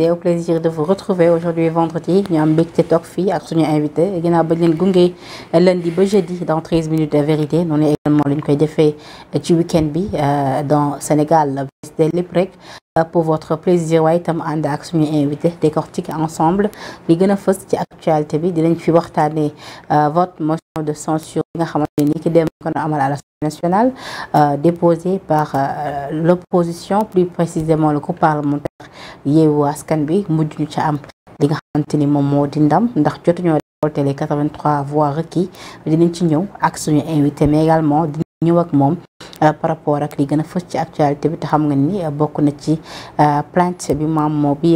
décidé au plaisir de vous retrouver aujourd'hui vendredi ñu am mbégte toog fii ak suñu invité ginnaaw bañ leen gunge lundi ba dans 13 minutes de vérité noonu également lañ koy defee ci week-end bi euh, dans Sénégal visité lépp rek euh, pour votre plaisir waaye itam ànd ak suñu invité décortique ensemble li gën a fës ci actualité bi dinañ fi waxtaane euh, vote motion de censure bi nga xamante ni ki dem kon amal à l'Assemblée nationale déposée par l'opposition plus précisément le groupe parlementaire yeewu askan bi mujj ñu ca am li nga xamante ni moom moo di ndam ndax jotuñoo récolté les 83 voix requis dinañ ci ñëw ak suñu invité mais également ñëw ak moom euh, par rapport ak li gën a fës ci actualité bi te xam nga ni euh, bokk na ci euh, plainte bi maam moo bi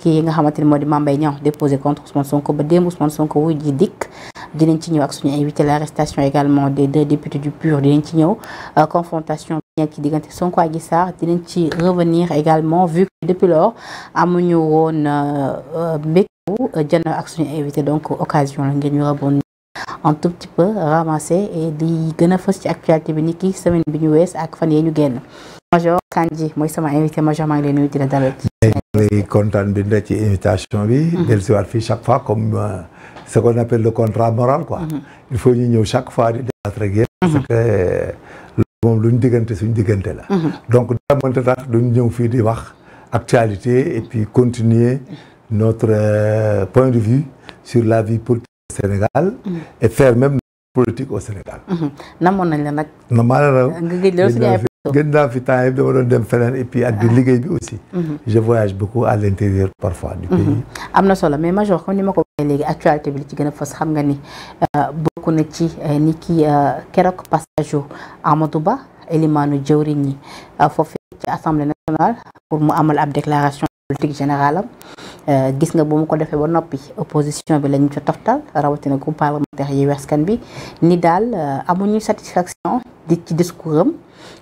kii nga xamante ni moo di Mame Mbaye Niang déposé contre Ousmane Sonko ba démb Ousmane Sonko wuy ji dikk dinañ ci ñëw ak suñu invité l'arrestation également des deux députés du PUR dinañ ci ñëw confrontation bi nekk ci diggante Sonko ak Sarr dinañ ci revenir également vu que depuis lors amuñu woon mbégte jënd ak suñu invité donc occasion la ngeen ñu rebondir un tout petit peu ramassé di gën a fës ci actualité bi ni ki semaine bi ñu wees ak fan yee ñu génn major Kandji mooy sama invité major maa ngi lay bi invitation bi mhm. del si waat fii chaque fois comme euh, ce le contrat moral quoi mhm. ñu ñëw chaque fois di débattre ak yéen parce mhm. que euh, moom la donc dara mënta tax duñ ñëw fii di wax actualité e puis continuer notre euh, point de vue sur la vie politique Sénégal. et faire même politique au Sénégal. Mhm. namoon nañ la nag. na maa la raw gën naa fi temps yëpp dama doon dem feneen et puis ak ah. bi aussi. Mhm. je voyage beaucoup à l'intérieur parfois du mhm. pays. am na solo mais major comme ni bi li ci gën a fës xam nga ni euh, bokk na ci euh, ni ki euh, keroog passage Amadou Ba élimaanu jëwriñ assemblée nationale pour mu amal ab déclaration politique générale Euh, gis nga bu mu ko defee ba noppi opposition bi lañu ci toftal rawatina groupe parlementaire yi askan bi ni daal euh, amuñu satisfaction di ci discours am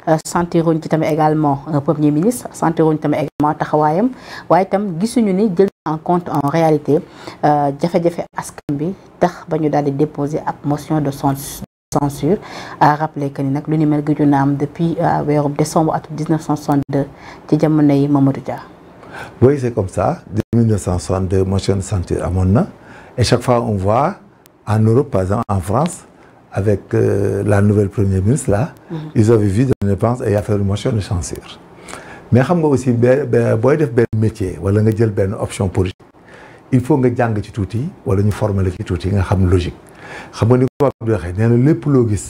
euh, sentiruñ ci tamit également premier ministre sentiruñ tamit également taxawaayam waaye tam gisuñu ni jël en compte en réalité jafe-jafe askan bi tax ba ñu daal di déposer ak motion de censure censure à rappeler que nag lu ni mel gëju na am depuis weeru décembre atum 1962 ci jamonoy Mamadou Dia oui c'est comme ça depuis 1962 motion de censure amoon na et chaque fois on voit en Europe par exemple en France avec euh, la nouvelle premier ministre là. Mm -hmm. ils avaient vu des dépenses et affaire motion de censure mais xam nga aussi benn booy def benn métier wala nga jël benn option politique il faut nga jàng ci tuuti wala ñu former ci tuuti nga xam logique xam nga ni ko di waxee nee na lépp loo gis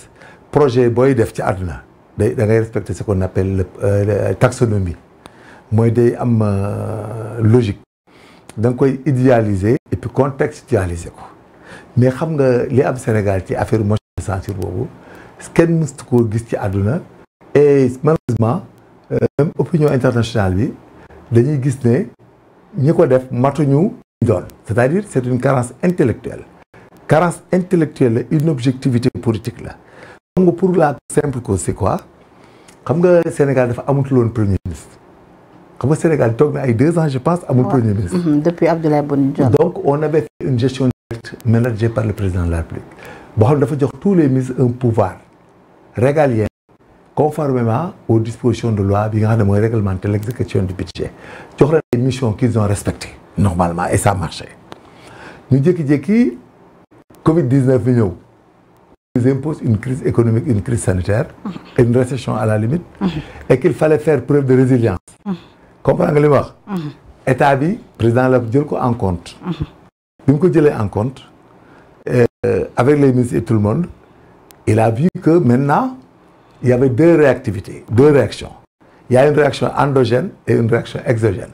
projet booy def ci àdduna day da ngay respecter ce qu'on appelle la euh, taxonomie mooy day am euh, logique da nga koy idéaliser et puis contextualiser ko mais xam nga li am Sénégal ci affaire motion de censure boobu kenn mësut koo gis ci àdduna et malheureusement euh, même opinion internationale bi dañuy gis ne ñi ko def matuñu doon c'est-à-dire c'est une carence intellectuelle carence intellectuelle la objectivité politique la xam nga pour la simple cause c'est quoi xam nga Sénégal dafa amatul woon premier ministre xam nga Sénégal toog na ay deux ans je pense amul premier ministre. Mm-hmm. depuis Abdoulaye Boun donc on avait une gestion directe managée par le président de la République boo xam dafa jox tous les ministres un pouvoir régalien conformément aux dispositions de loi bi nga xam ne mooy réglementer l'exécution du budget jox la mission missions qu'ils ont respectées normalement et ça marchait ñu jékki-jékki Covid 19 bi ñëw. nous impose une crise économique une crise sanitaire. Mm-hmm. la limite. Mm-hmm. comprends nga li ma mhm. président la jël ko en compte. Mhm. bi mu ko jëlee euh, avec les ministres et tout le monde il a vu que maintenant il y avait deux réactivités deux réactions il y a une réaction endogène et une réaction exogène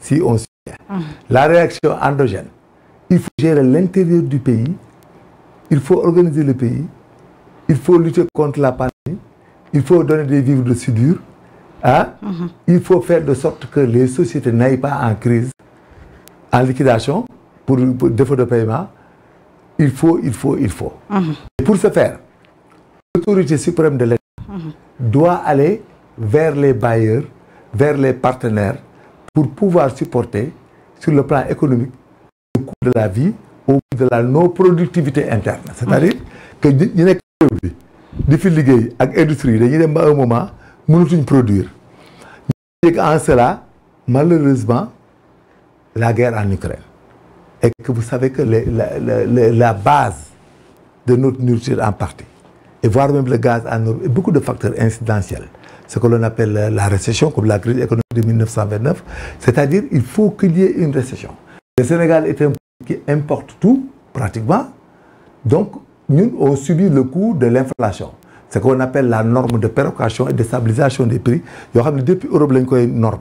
si on suit bien. Mhm. la réaction endogène il faut gérer l'intérieur du pays il faut organiser le pays il faut lutter contre la pandémie il faut donner des vivres de soudure ah il faut faire de sorte que les sociétés n'aillent pas en crise en liquidation pour, pour défaut de paiement il faut il faut il faut et pour ce faire l'autorité suprême de l'État doit aller vers les bailleurs vers les partenaires pour pouvoir supporter sur le plan économique de la vie au bout de la non productivité interne c'est-à-dire que ñu nekk bi di fi liggéey ak industrie dañuy dem ba un moment mënatuñ produire en cela malheureusement la guerre en Ukraine et que vous savez que les, la, la, la base de notre nourriture en partie et voire même le gaz en Europe et beaucoup de facteurs incidentiels ce que l'on appelle la récession comme la crise économique de 1929 c'est-à-dire il faut qu'il y ait une récession le Sénégal est un pays qui importe tout pratiquement donc ñun on subit le coût de l'inflation c'est qu'on appelle la norme de péréquation et de stabilisation des prix yoo xam ne depuis Europe lañ koy norme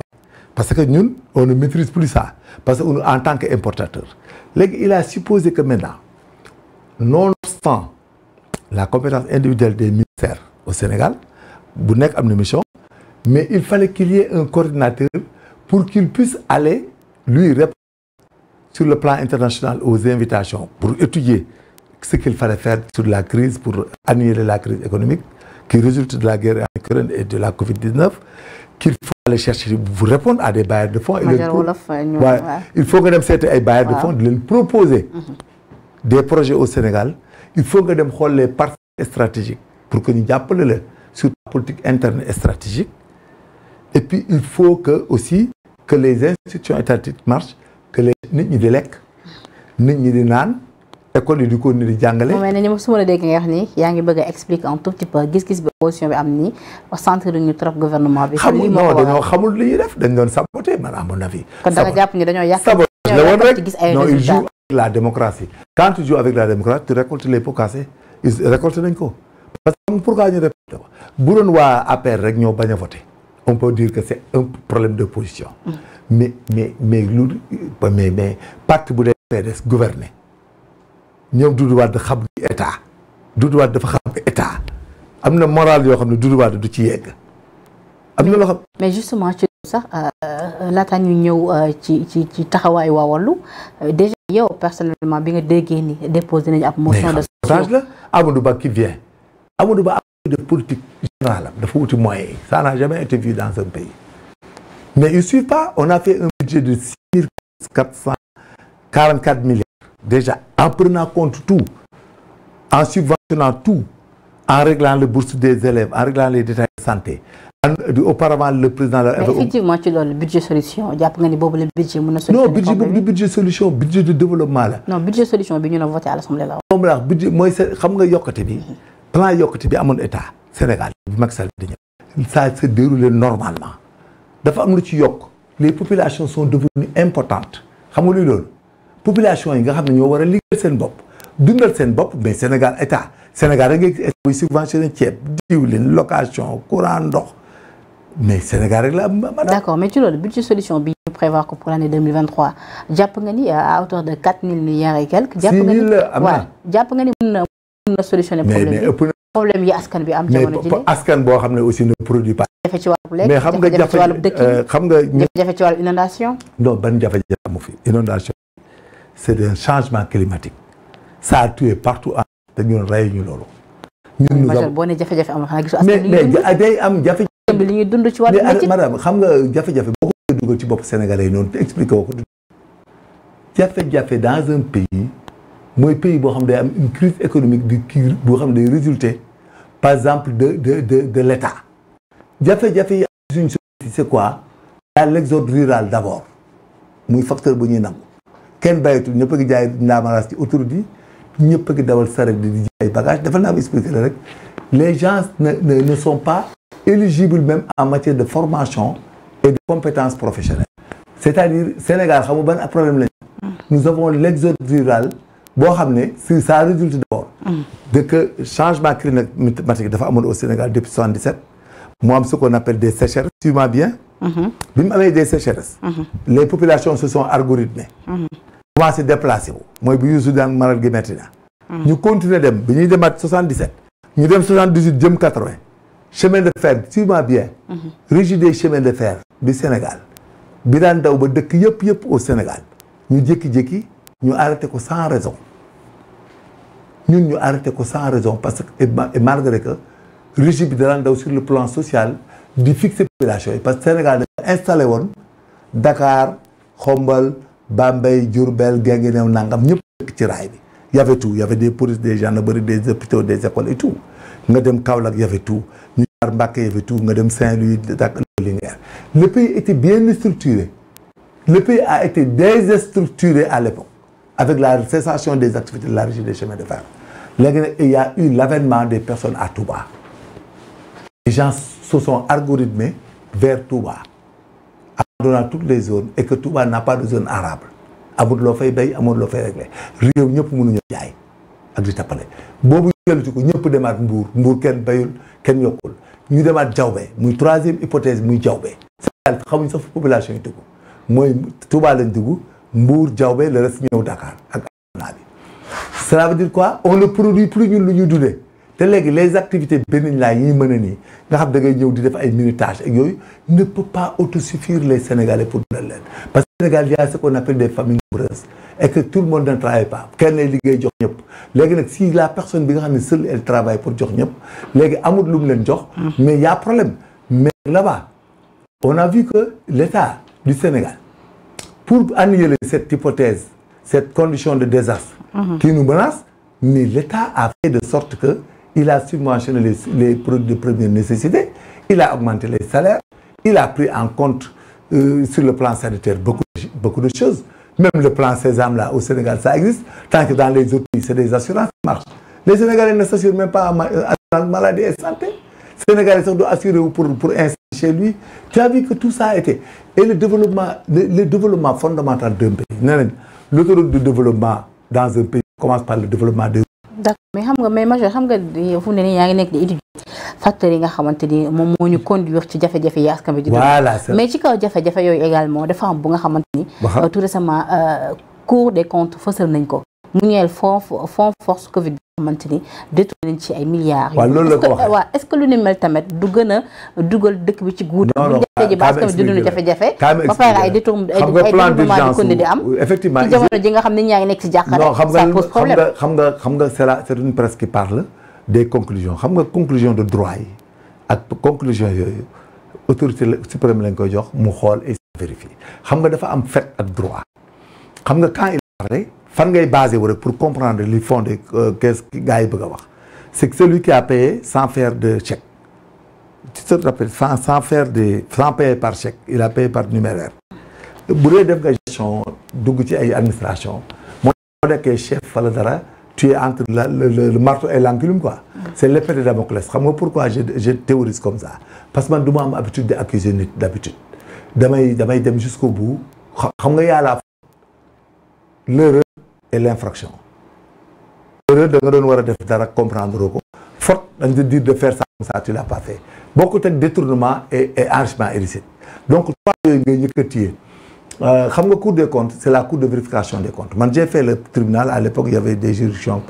parce que ñun on ne maîtrise plus ça parce que en tant que importateur léegi il a supposé que maintenant nonobstant la compétence individuelle des ministères au Sénégal bu nekk am na mission mais il fallait qu'il y ait un coordinateur pour qu'il puisse aller lui répondre sur le plan international aux invitations pour étudier ce qu'il fallait faire sur la crise pour annuler la crise économique qui résulte de la guerre en Ukraine et de la Covid-19, qu'il faut aller chercher, vous répondre à des bailleurs de fonds. Euh, il faut proposer mhm. des projets au Sénégal. Il faut que dem xool les partenaires stratégiques pour que ñu jàppale leen sur la politique interne et stratégique. Et puis il faut que aussi que les institutions étatiques marchent, que les nit ñi di lekk nit ñi naan école yi di ko ni di jàngale. moom ne ñoom su ma la dégg nga wax ni yaa ngi bëgg a expliquer tout petit peu gis-gis bi position bi am nii centre ñu trop gouvernement bi. xamul non dañoo xamul def dañ doon saboté man à mon avis. kon da jàpp ni dañoo yàq. saboté la woon rek non il avec la démocratie. quand tu joues avec la démocratie tu récoltes nañ ko parce que pourquoi ñu récolté bu doon waa APR rek ñoo bañ a voté on peut dire ñoom Doudou Wade xam ni état Doudou dafa xam état am na moral yoo xam ne Doudou Wade du ci yegg am na loo xam. mais justement ci sax euh, laataa ñu ñëw euh, ci ci ci taxawaay waa Wallu euh, déjà yow personnellement bi nga déggee ni déposé nañu ab motion de censure la Amadou Ba qui vient Amadou Ba de politique générale dafa wuti moyen yi n'a jamais été vu dans un pays mais il suffit pas on a fait un budget de six mille quatre cent quarante-quatre milliards déjà en prenant compte tout, en subventionnant tout, en réglant le bourse des élèves, en réglant les détails de santé. En, euh, auparavant, le président... Mais effectivement, tu l'as, le budget solution, il y a le budget... Non, budget, le budget solution, budget de développement. Là. Non, budget solution, nous avons voté à l'Assemblée. Non, mais budget, moi, je sais que le plan Yokati, il mon état, Sénégal, ça se déroule normalement. D'après, les populations sont devenues importantes. Vous population yi nga xam ne ñoo war a liggéeyal seen bopp dundal seen bopp mais Sénégal état Sénégal rek état buy subventionné ceeb diwlin location courant ndox mais Sénégal rek la am. d' accord mais ci loolu solution bi ñu prévoir ko pour l' année 2023 jàpp nga ni à hauteur de 4000 milliards et quelques. jàpp nga nga ni mën na mën na solutionné problème bi mais na yi askan bi am. jamono ji mais askan boo xam ne aussi ne produit pas. jafe ci wàllu lekk jafe ci wàllu dëkk euh, xam nga jafe ci wàllu inondation. non ban jafe-jafe amu fi inondation. c'est un changement climatique ça a tué partout en te ñu loolu. ñun ñu am boo nee jafe-jafe am xanaa gisu mais mais day am jafe-jafe li ñuy dund ci wàllu métier madame xam nga jafe-jafe boo ko dugal ci bopp sénégalais yi noonu te expliqué woo ko. jafe-jafe dans un pays mooy pays boo xam day am économique di kii boo xam day résulter par exemple de de de de l'État jafe-jafe yi suñu société c'est quoi. y a l'exode rural d'abord muy facteur bu ñuy nangu. kenn bayatul ñëpp a ngi jaay ndaamaraas ci autoroute yi ñëpp a ngi dawal saret di dafa naa am expliqué la rek les gens ne sont pas éligibles même en matière de formation et de compétences professionnelles c'est-à-dire Sénégal xam nga ban problème lañ nous avons l'exode rural boo xam ne si ça résulte d'abord de que changement climatique dafa amoon au Sénégal depuis 77 mu am ce qu'on appelle des sécheresses suivez-moi bien mm-hmm. bi mu amee des sécheresses mm-hmm. les populations commencé déplacé wu mooy bu Youssou daan maral gi na ñu continuer dem bi ñuy demaat 77 ñu dem 78 jëm 80 chemin de fer suivez-moi bien des chemins de fer du Sénégal bi daan daw ba dëkk yëpp yëpp au Sénégal ñu jékki ñu arrêté ko sans raison ñun ñu arrêté ko sans raison parce que et malgré que bi daan daw sur le plan social di fixer population yi parce que Sénégal dafa installé woon Dakar Xombal Bambey Diourbel Guinguinéo nangam ñëpp dëkk ci raay bi y avait tout y avait des polices des gendarmeries des hôpitaux des écoles et tout nga dem Kaolack y avait tout ñu nga dem Saint-Louis ak Linguère le pays était bien structuré le pays a été déstructuré à l'époque avec la cessation des activités de la régie des chemins de fer léegi il y a eu l'avènement des personne à Touba les gens se sont algorithmés vers Touba a toutes les zones et que Touba n'a pas de zone arable amul loo fay béy amul loo fay réglé réew ñëpp mënuñu jaay ak di tappale boobu ko ñëpp demaat mbuur mbuur kenn béyul kenn yokkul ñu demaat jawbe muy troisième hypothèse muy jawbe Sénégal xamuñ sax population yi dugg mooy Touba lañ dugg mbuur jawbe le reste ñëw Dakar ak naa bi cela veut dire quoi on ne produit plus ñun lu ñuy dundee te léegi les activités bénignes là yi ñu nii nga xam da ngay ñëw di def ay minutage ak yooyu ne peut pas autosuffire les Sénégalais pour dal leen parce que Sénégal y a ce qu'on appelle des familles nombreuses et tout le monde ne travaille pas kenn lay liggéey jox ñëpp léegi nag si la personne bi nga xam ne seule elle travaille pour jox ñëpp léegi amul lu mu leen jox hmm. mais y a problème mais là-bas on a vu que l'État du Sénégal pour annuler cette hypothèse cette condition de désastre hmm. sorte que il a subventionné les, les, produits de première nécessité, il a augmenté les salaires, il a pris en compte euh, sur le plan sanitaire beaucoup, beaucoup de choses. Même le plan Sésame là au Sénégal, ça existe, tant que dans les autres pays, c'est des assurances qui marchent. Les Sénégalais ne s'assurent même pas en euh, maladie et santé. Les Sénégalais sont assurés pour, pour ainsi chez lui. Tu as que tout ça a été. Et le développement, le, le développement fondamental d'un pays, l'autoroute du développement dans un pays d'accord mais xam nga mais major xam nga eh, fu ne nii yaa ngi nekk di étudier facteurs yi nga xamante moom moo ñu conduire ci jafe-jafe yi askan bi di mais ci kaw jafe-jafe yooyu également dafa am bu nga xamante ni euh, tout récemment euh, cour des comptes fësal nañ ko mu ñeel fond force covid xamante ni détourné nañ ci ay milliards. waaw loolu la ko waxee waaw est-ce que lu ni mel tamit du gën dugal dëkk bi ci guut. non non ah kaa ma expliqué jafe-jafe. kaa ma expliqué ba di am. effectivement ci jamono ji nga xam ne ñaa ngi nekk ci jàkkaarloo. non xam nga xam nga xam nga xam nga c'est la c'est une presse qui parle des conclusions xam nga conclusion de droit yi ak conclusion yooyu autorité suprême lañ koy jox mu xool et vérifier xam nga dafa am fait ak droit xam nga quand il fan ngay basé wu rek pour comprendre li fond de euh, qu'est-ce gars yi bëgg a wax c'est que celui qui a payé sans faire de chèque tu te rappelles sans sans faire de sans payer par chèque il a payé par numéraire bu dee def nga gestion dugg ci ay administration moo nekkee chef wala dara tu es entre la le, le, le marteau et le quoi de Damoclès xam nga pourquoi je je théorise comme ça parce que man du ma am habitude de accuser nit d'habitude damay damay dem jusqu'au bout xam nga yàlla et l' da nga doon war def dara comprendre ko faute dañ dire de faire ça comme ça tu l'as pas fait bokkut ak détournement et et enrichissement illicite donc trois yooyu ngay yëkkatiyee euh, xam nga cour des comptes c' la cour de vérification des comptes man j'ai fait le tribunal à l'époque y avait des juridictions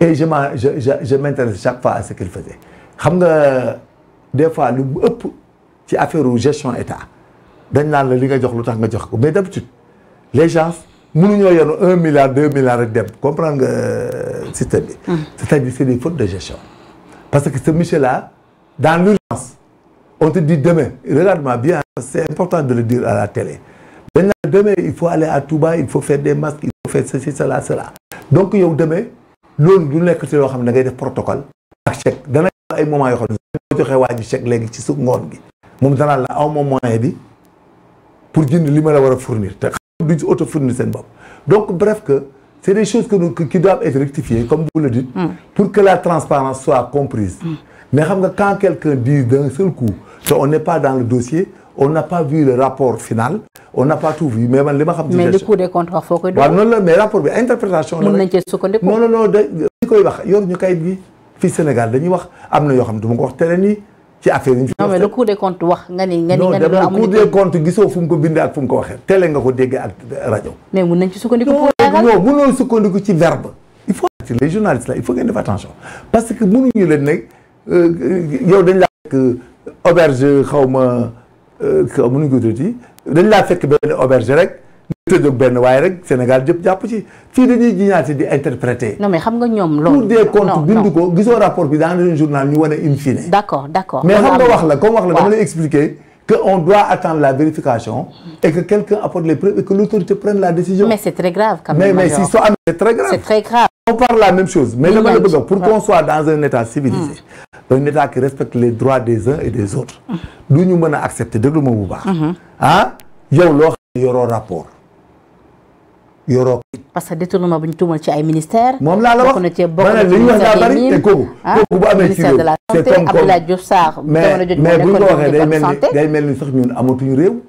et je m' je je je m'intéresse chaque fois à ce qu'il faisait xam nga des fois lu ëpp ci affaire gestion état dañ naan la li nga jox lu tax nga jox ko mais d'habitude les mënuñoo yenu un milliard deux milliards rek dem comprendre nga euh, système bi. Hmm. c'est-à-dire c'est des fautes de gestion. parce que ce monsieur là dans l'urgence on te dit demain regarde-moi bien c'est important de le dire à la télé. dañ la demain il faut aller à Touba il faut faire des masques il faut faire ceci cela cela donc yow demain loolu du nekk ci loo xam ne da ngay def protocole. ak chèque dana ay moments yoo xam ne boo joxee waa ji chèque léegi ci su ngoon gi moom danaa la aw ma bi pour li ma la war a fournir duñ si auto fournir seen bopp donc bref que c' est des choses que nous qui doivent être comme vous le dites mm. pour que la transparence soit comprise mm. mais xam nga quand quelqu'un dit d'un seul coup que on n'est pas dans le dossier on n'a pas vu le rapport final on n'a pas tout vu mais man li ma xam mais le Cour des comptes wax foo koy rapport bi interprétation la nañ cee sukkandiku non da ñu koy wax yor ñu kayit bi fii Sénégal dañuy am na yoo xam ne ma ko wax télé ci affaire yi. non mais le cour des comptes wax nga ni nga ni nga ni. amuñu cour des comptes gisoo fu mu ko bindee ak fu mu ko waxee. télé nga ko déggee ak rajo. mais mun nañ ci sukkandiku. pour leeral non munoo sukkandiku ci verbe. il faut les journalistes là il faut ngeen def attention parce que mënuñu leen ne euh, yow dañ laa fekk euh, auberge xaw ma euh, xaw ma nu ñu ko tuddee dañ laa fekk benn auberge rek. ñu tëjoog benn waaye rek Sénégal jëpp jàpp ci fii dañuy jiñaate di interpréter. non mais xam nga ñoom loolu. non des comptes bind ko gisoo rapport bi dans le journal ñu wane in fine. d' d' accord mais xam nga wax la comme wax la dama lay expliquer. que on doit attendre la vérification. et que quelqu'un apporte les preuves et l'autorité prenne la décision. mais c'est très grave quand même. mais si soo amee c'est très grave. c'est très la même chose. mais dama la bëgg pour qu'on soit dans hmm. hmm. bu baax. Hmm. ah yow yoroo. parce que détournement bu ñu tuumal ci ay ministères. moom laa la wax bokk na cee bokk na ci ministère des mines ah, kooku bu amee ci réew. c'est comme comme Abdoulaye Diouf Sarr. mais mais bu ñu ko waxee day mel ni day mel ni sax ñun amatuñu réew.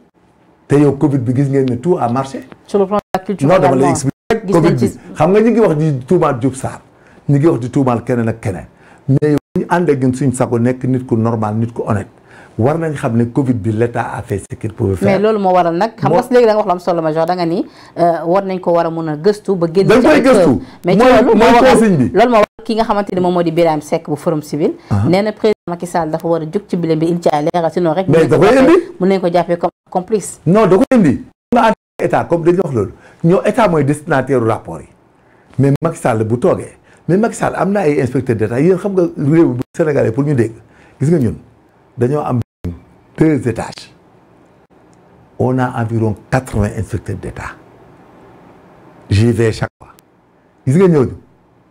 te yow Covid bi gis ngeen ne tout a marché. sur le plan de la culture non dama lay expliquer Covid bi xam nga ñu ngi wax di tuumaal Diouf Sarr ñu ngi wax di tuumaal keneen ak keneen. mais yow bu ñu ànd ak ñun suñu sago nekk nit ku normal nit ku honnête. war nañ xam ne Covid bi l' état a fait ce qu'il pouvait faire. mais loolu moo waral nag. xam nga léegi da wax lu am solo major da nga ni euh, war nañ ko war a mun a gëstu. ba génn ci gëstu mais loolu moo waral loolu moo waral ki nga xamante ni moom moo di Birahim Seck bu Forum Civil. Ah. nee na président Macky Sall dafa war a jóg ci bilan bi il ci ay leeral sinon rek. mais da koy indi mun nañ ko jàppee comme complice. non da koy indi. nga ànd état comme dañu wax loolu ñoo état mooy destinataire rapport yi mais Sall bu toogee mais Macky Sall am na ay inspecteur d' état yéen xam nga réew a Sénégalais pour ñu dégg gis nga ñun dañoo am deux étages. On a environ quatre-vingts inspecteurs d'État. J'y vais chaque fois. gis nga ñooñu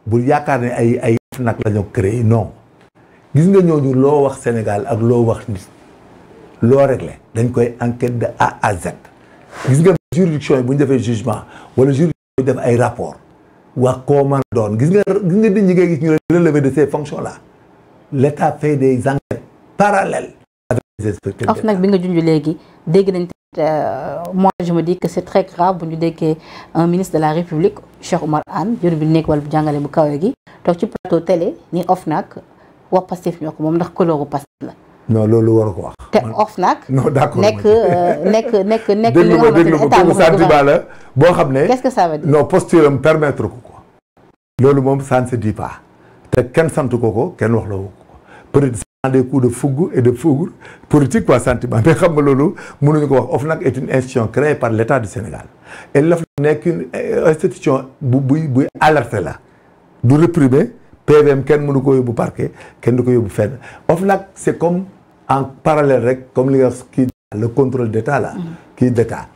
bul yaakaar ne ay ay nag la ñu créé non gis nga ñooñu loo wax Sénégal ak loo wax nit loo réglé dañ koy enquête de A à Z. gis nga juridiction yi bu defee jugement wala juridiction yi def ay rapport wax koo mën a gis nga gis nga nit ñi ngay gis ñu relevé de ces fonctions là l' fait des enquêtes parallèles af nag bi nga junj léegi dégg nañ te euh, je me dis que c'est très grave bu ñu déggee un ministre de la république Cheikh Oumar Anne jur bi nekk wala bu jàngale bu kawe gi toog ci plateau télé ni OFNAC wax Pastef ñoo ko moom ndax couleur Pastef la non loolu war ko wax. te OFNAC. non d'accord nekk euh, nekk nekk nekk. li nga xamante ne état moom la boo xam ne. qu'est-ce que ça veut dire non posture ko loolu moom ça ne se kenn sant ko ko kenn wax la ko. peut-être des coups de fougue et de fougre politique quoi sentiment mais xam nga loolu mënuñu ko wax OFNAC est une institution créée par l'État du Sénégal et l'OFNAC nekk une euh, institution bu buy buy alerte la du réprimer PVM kenn mënu ko yóbbu parquet kenn du ko yóbbu fenn OFNAC c'est comme en parallèle rek comme li nga kii le contrôle d'État là kii mm-hmm. d'État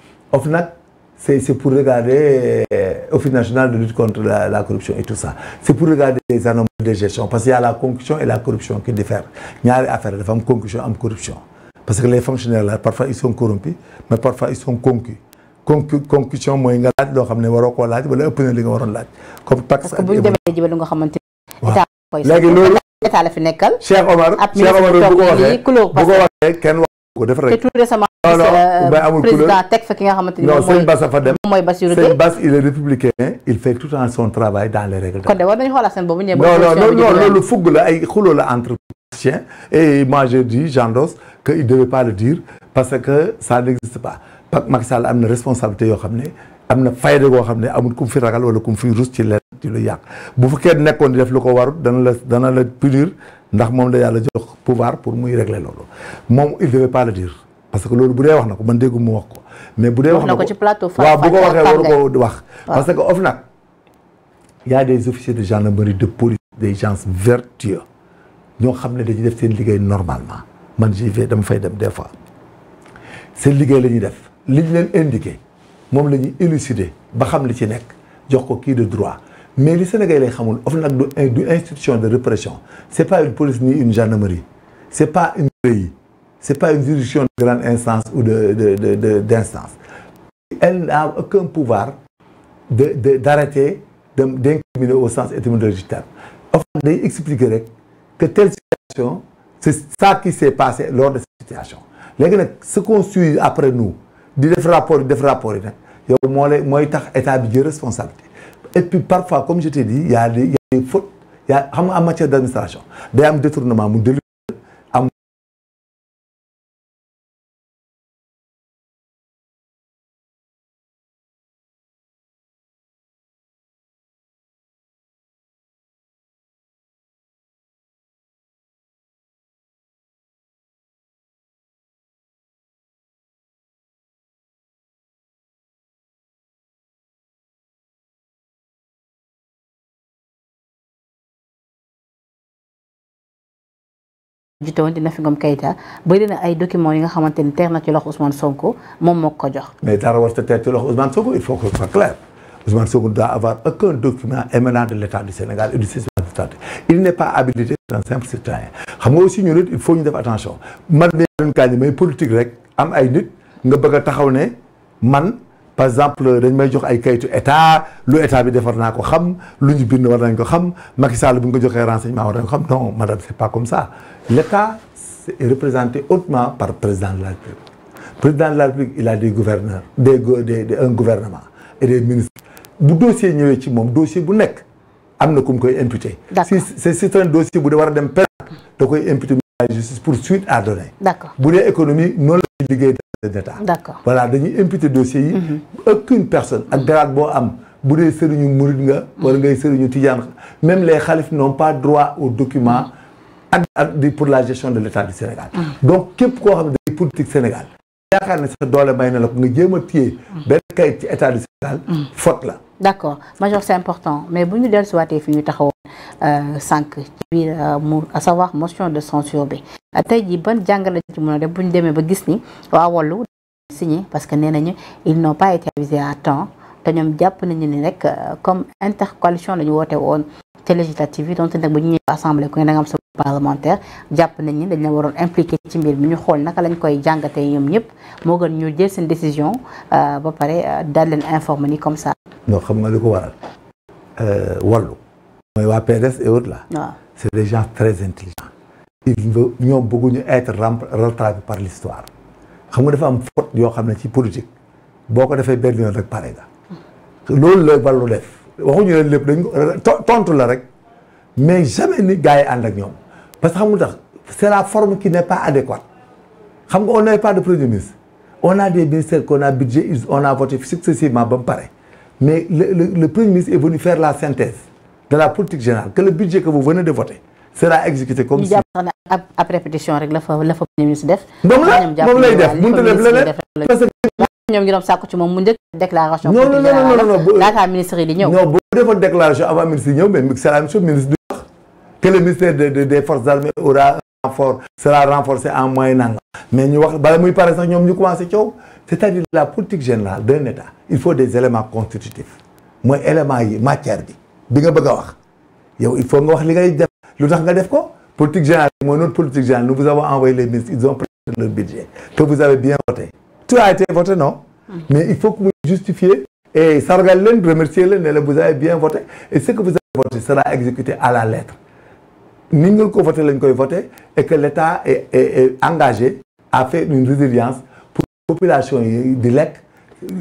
c'est pour regarder euh, Office national de lutte contre la, la corruption et tout ça c'est pour regarder les anomalies de gestion parce qu'il la concussion et la corruption qui diffèrent ñaari affaire dafa am concussion am corruption parce que les fonctionnaires parfois ils sont corrompus mais parfois ils sont concus concu nga laaj loo xam ne waroo koo laaj wala ëpp na li nga waroon laaj. comme taxe ak émission demee ji ba nga xamante ni. ko def rek te tout euh, récemment. amul président teg fa ki nga a fa dem mooy ay xuloo la entre. et moi je dis Jandos que il devait pas le dire parce que ça n'existe pas Pak Macky am na responsabilité yoo xam ne am na fayda goo xam ne amul kum fi ragal wala kum fi rus ci leen ci lu yàq bu fekkee nekkoon def lu ko warut dana la dana la punir ndax moom la yàlla jox pouvoir pour muy régler loolu moom il devait pas le dire parce que loolu bu dee wax na ko man déggu mu wax ko mais bu dee wax na ko ci plateau waaw bu ko waxee waru ko wax parce que OFNAC y a des officiers de gendarmerie de police des gens vertueux ñoo xam ne dañuy def seen liggéey normalement man j'y vais dama fay dem des fois seen liggéey la ñuy def li leen indiqué moom la ñuy élucider ba xam li ci nekk jox ko kii de droit mais li Sénégal lay xamul OFNAC du du institution de répression c' pas une police ni une gendarmerie c' est pas une pays c' est pas une juridiction de grande instance ou de de de, d' instance. elle n'a aucun pouvoir de de d' de d' au sens étymologique du terme OFNAC day expliquer rek que telle situation c' ça qui s' est passé lors de cette situation léegi nag ce qu'on suit après nous di def rapport def rapport yi nag yow moo lay mooy tax état bi jël et puis parfois comme je t'ai dit il y a des il y a des fautes y a xam nga en matière d'administration day am détournement mu jiite woon di Nafi Ngom Keïta bëri na ay documents yi nga xamante ni teer na ci loxo Ousmane Sonko moom moo ko jox. mais dara warut a teer ci loxo Ousmane Sonko il faut que ce soit clair Ousmane Sonko ne doit avoir aucun document émanant de l'État du Sénégal et du système il n'est pas habilité d'un simple citoyen xam nga aussi ñu nit il faut ñu def attention man de leen kaay may politique rek am ay nit nga bëgg a taxaw ne man. par exemple dañ may jox ay kayitu état lu état bi defar naa ko xam lu ñu bind war nañ ko xam Macky Sall bu ñu ko joxee renseignement war nañ ko xam non madame c'est pas comme ça l'état est représenté hautement par président de la République président de la République il a des gouverneurs des des un gouvernement et des bu dossier ñëwee ci moom dossier bu nekk am na ku mu koy imputé si c'est un dossier bu de war a dem per da koy imputé justice pour suite à donner bu dee économie noonu la de d' état. d' accord voilà dañuy imputer dossiers yi. Mhm. aucune personne ak mhm. grade boo am. bu dee sëriñu murit nga. wala ngay sëriñu tijaan même les xalif n'ont pas droit aux documents. ak di pour la gestion de l' état du Sénégal. Ah. donc képp koo xam ne day politique Sénégal. yaakaar ne sa doole may na la ko nga jéem a ah. benn kayit ci état du Sénégal. Ah. faute la. d' major c' important mais bu ñu dellusiwaatee fi ñu taxaw Euh, sànq ci biir euh, mu à savoir motion de censure bi euh, tey jii ban jàngale la ci mën a def bu ñu demee ba gis ni waa wallu signé parce que nee nañu ils n'ont pas été avisés à temps te ñoom jàpp nañu ni rek comme intercoalition la ñu woote woon ci législative yi donc nag ba ñu ñëwee assemblée ku ne da am sa parlementaire jàpp nañ ni dañ la waroon impliqué ci mbir mi ñu xool naka lañ koy jàngatee ñoom ñëpp moo gën ñu jël seen décision ba pare daal leen informer ni comme ça. non xam nga ko waral wàllu mooy waa PDS et autres là. waaw c'est des gens très intelligents. ils ñoom bëgguñu être rattrapés par l'histoire xam nga dafa am faute yoo xam ne ci politique boo ko defee benn yoon rek pare nga. loolu la ballu def waxuñu leen lépp dañ ko tontu la rek mais jamais ni gars yi ànd ñoom parce que xam nga tax c'est la forme qui n'est pas adéquate xam nga on n'a pas de premier ministre on a des ministères qu'on a budget on a voté successivement ba mu pare mais le, premier ministre la synthèse. de la politique générale que le budget que vous venez de voter sera exécuté comme si. jàpp répétition rek la fa la fa ministre def. moom la moom lay def mënut a def leneen parce que. ñoom ñu doon sàkku ci moom mu njëkk déclaration. non non non non non laata ministre yi di ñëw. non bu ministre yi wax que le ministère des des forces armées sera renforcé en moyen nangam mais ñu wax bala muy pare sax ñoom ñu commencé coow c'est-à-dire la politique générale d'un État il faut des éléments constitutifs yi matière bi. bi nga bëgg a wax yow il faut nga wax li ngay def lu tax nga def ko politique générale mooy notre politique générale nous vous avons envoyé les ministres ils ont présenté leur budget que vous avez bien voté tout a été voté non hmm. mais il faut que vous justifiez et sargal leen remercier leen ne la vous avez bien voté et ce que vous avez voté sera exécuté à la lettre ni ngeen ko voté lañ koy voté et que l'État est, est, est engagé à faire une résilience pour population yi di lekk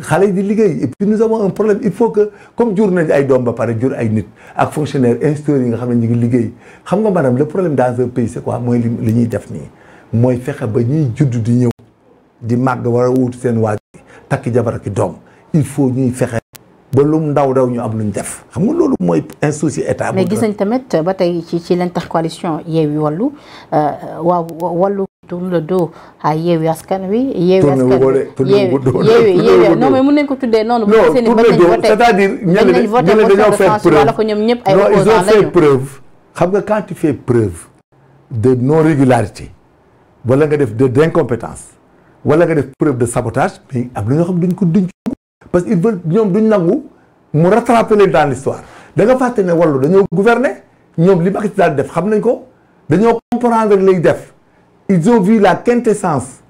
xale yi di liggéey et puis nous problème il faut que comme jur nañ ay doom ba pare jur ay nit ak fonctionnaire instituteurs yi nga xam ne ñu ngi liggéey xam nga maanaam le problème dans un pays c'est quoi mooy li ñuy def nii mooy fexe ba ñuy judd di ñëw di màgg war a wut seen waaj takki jabar ak doom il faut ñuy fexe ba lum ndaw daw ñu am luñ def xam nga loolu mooy insouci état. mais gis nañ tamit ba tey ci ci l'intercoalition Yewwi Wallu euh, waaw Wallu. tourne le dos à Yewwi Askan Wi. Yewwi Askan Wi Yewwi non mais mën nañ ko tuddee noonu. bu gisee ni bañ nañ voté c'est-à-dire ko ñoom ñëpp ay opposants lañu non ils preuve. xam nga quand tu fais preuve de non régularité wala nga def de d'incompétence wala nga def preuve de sabotage mais am na ñoo xam duñ ko duñ parce que ils veulent ñoom duñ nangu mu rattraper leen dans l'histoire da nga fàtte ne wallu dañoo gouverner ñoom li Macky Sall def xam nañ ko dañoo comprendre lay def ils ont vu la quintessance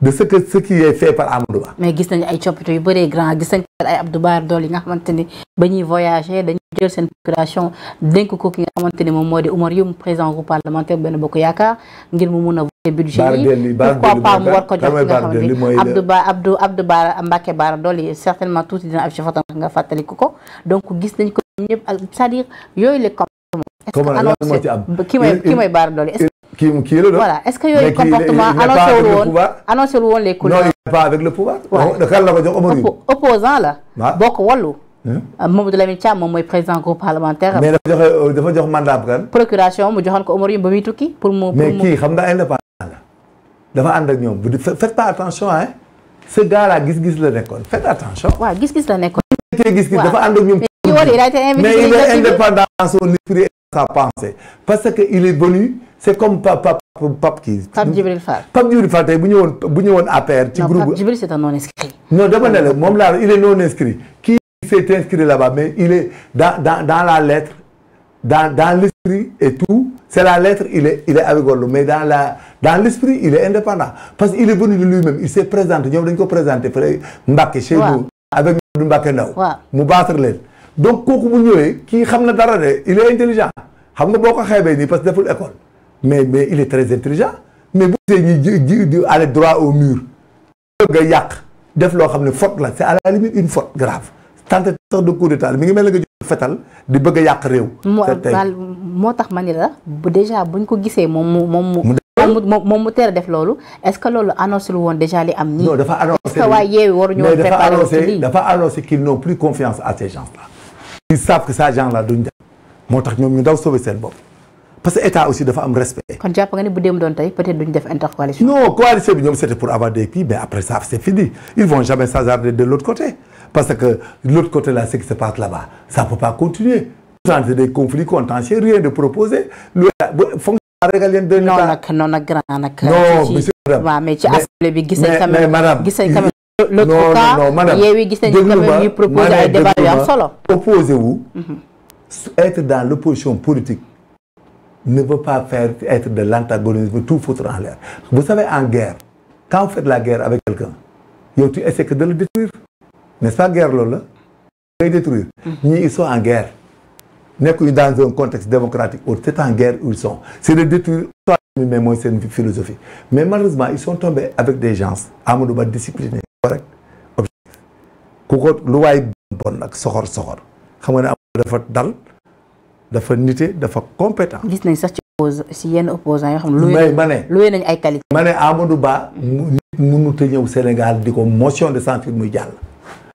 de ce que ce qui est fait par Amadou Ba. mais gis nañu ay coppite yu bëree grand gis nañu ay Abdou Bara Dolly nga xamante ni ba ñuy voyager dañuy jël seen procuration dénk ko ki nga xamante ni moom moo di Oumar Youm président groupe parlementaire benn bokk yaakaar ngir mu mun a voter budget yi pourquoi pas mu war ko jox ki nga Ba Abdou Abdou Bara Mbacké Bara Dolly yi certainement tuuti dina ab ci fotam ko donc gis nañ ko ñëpp ak yooyu la comme est-ce que annoncé ki may baar may Bara kii mu kii la doon. voilà est-ce que yooyu comportement annoncé wul woon annoncé wul woon les couleurs. non il n'est pas avec le pouvoir. waaw da kan la ko jox Omar Youm. opposant la. waaw ah. bokk wallu. Hmm? Euh, Mamadou parlementaire. mais dafa joxe euh, dafa jox mandat procuration mu joxoon ko Omar Youm ba muy tukki. pour mu mais kii xam nga indépendant la. dafa ànd ak ñoom bu faites pas attention hein. ce gars là gis-gis la nekkoon faites attention. waaw gis-gis la nekkoon. gis-gis dafa ànd ak ñoom. mais il est indépendant son esprit sa pensée parce que il est venu c'est comme papa Pape kii. Pape Djibril Fall. Pape Djibril Fall tey bu ñëwoon bu ñëwoon APR. ci groupe non Pape non inscrit. non dama ne la moom laa il est non inscrit kii s'est inscrit là-bas mais il est dans dans dans la lettre dans dans l'esprit et tout c'est la lettre il est il est avec Wàllu mais dans la dans l'esprit il est indépendant parce que il est venu de lui il s'est présenté ñoom dañ ko présenté fële Mbacké. chez nous avec Mbacké Ndaw. mu battre leen. donc kooku bu ñëwee kii xam na dara de il est intelligent xam nga boo ko xeebee nii parce que deful école mais mais il est très intelligent mais bu gisee ñi ji di aller droit au mur nga yàq def loo xam ne faute la c' est à la limite une faute grave tentative ta de coup d'état mi ngi mel na nga jël fetal di bëgg yàq réew. moo tax ma ni la bu déjà buñ ko gisee moom mu moom mu. moom mu teel def loolu est-ce que loolu annoncé lu woon déjà li am. nii non dafa annoncé est-ce que waa yeewi waruñu woon ils savent que ça gens là duñ def moo tax ñoom ñu daw sauver seen bopp parce que état aussi dafa am respect. kon jàpp nga ni bu dem doon tey peut-être duñ def intercoalition. non coalition c'était pour avoir des pays mais après ça c'est fini ils vont jamais s'hasarder de l'autre côté parce que de l'autre côté là ce qui se passe là-bas ça peut pas continuer. c'est des conflits contentieux rien de proposé lu non non non monsieur madame waaw mais ci assemblée mais mais non non madame Yewwi mhm. être dans l'opposition politique ne veut pas faire être de l'antagonisme tout foutre en l'air vous savez en guerre quand vous faites la guerre avec quelqu'un yow tu essaies que de le détruire nest pas guerre loolu la ngay détruire mhm. ñii ils sont en guerre nekkuñu dans un contexte démocratique autre c'est en guerre ils sont c'est de détruire mais mooy seen philosophie mais malheureusement ils sont tombés avec des gens Amadou Ba disciplinés rek objectif ku ko lu waay bon ak soxor soxor xam nga ne am dafa dal dafa nite dafa compétent. gis nañ sax ci yenn opposants yoo xam ne. ma ne luy nañ ay qualité. ma ne Amadou Ba nit mënut a ñëw Sénégal di ko motion de censure muy jàll.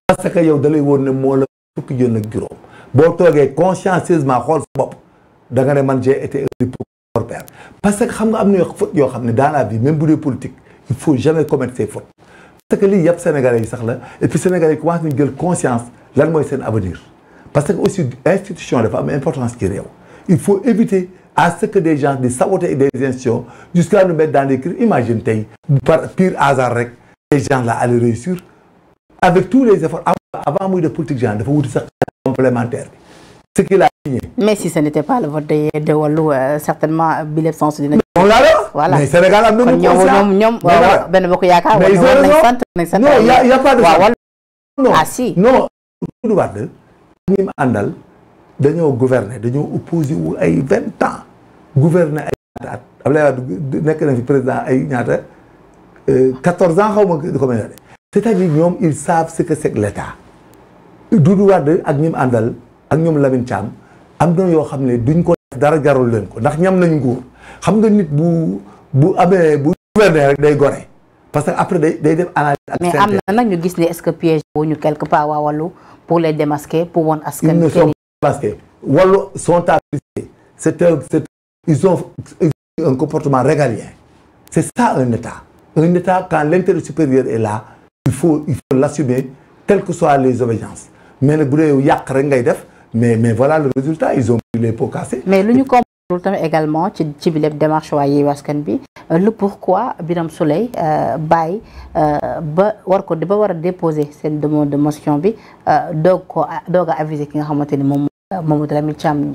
parce que yow da woon ne moo la fukki jën ak juróom boo toogee consciencieusement xool sa bopp da ne man j'ai été un parce que xam nga am na yoo xam ne dans vie même bu dee politique il faut jamais commettre ses parce que lii yëpp sénégalais yi sax la et puis sénégalais yi commencé nañ conscience lan mooy seen avenir parce que aussi institution dafa am importance ci réew il faut éviter à ce que des gens di saboter des institutions jusqu'à nous mettre dans les crises imagine tey par pur hasard rek des gens là allaient réussir avec tous les efforts avant muy def politique genre dafa wuti sax complémentaire bi ce qu'il a mais si ce n'était pas le vote de moom laa la voilà mais Sénégal am nañu conscience bokk yaakaar mais war a y a pas de waaw ah, wu ay vingt ans nekk na fi président ay ñaata euh, quatorze ans xaw ma comme ne c'est-à-dire ñoom ils savent ce que c'est que l'État Doudou Wade ak ñi àndal ak ñoom Lamine Thiam am na yoo xam ne duñ ko dara jarul leen ko ndax ñam nañ nguur xam nga nit bu bu amee bu gouverner rek day gore parce que après day day def analyse. ak mais am na nag ñu gis ne est-ce que piège boo ñu quelque part waa wàllu pour les démasquer pour won askan. ils ne sont pas démasqués wàllu sont appréciés c'est un c'est ils ont un comportement régalien c'est ça un état un état quand l'intérêt supérieur est là il faut il faut l'assumer quelles que soient les obédiences mais nag bu dee yàq ngay def mais mais voilà le résultat loolu tamit également ci ci bi lépp démarche waa Yewwi Askan bi le pourquoi Birame Souleye euh, baay euh, ba war ko ba war a déposé seen demande de motion bi euh, doog ko doog a aviser ki nga xamante ni moom Mamadou Lamine Thiam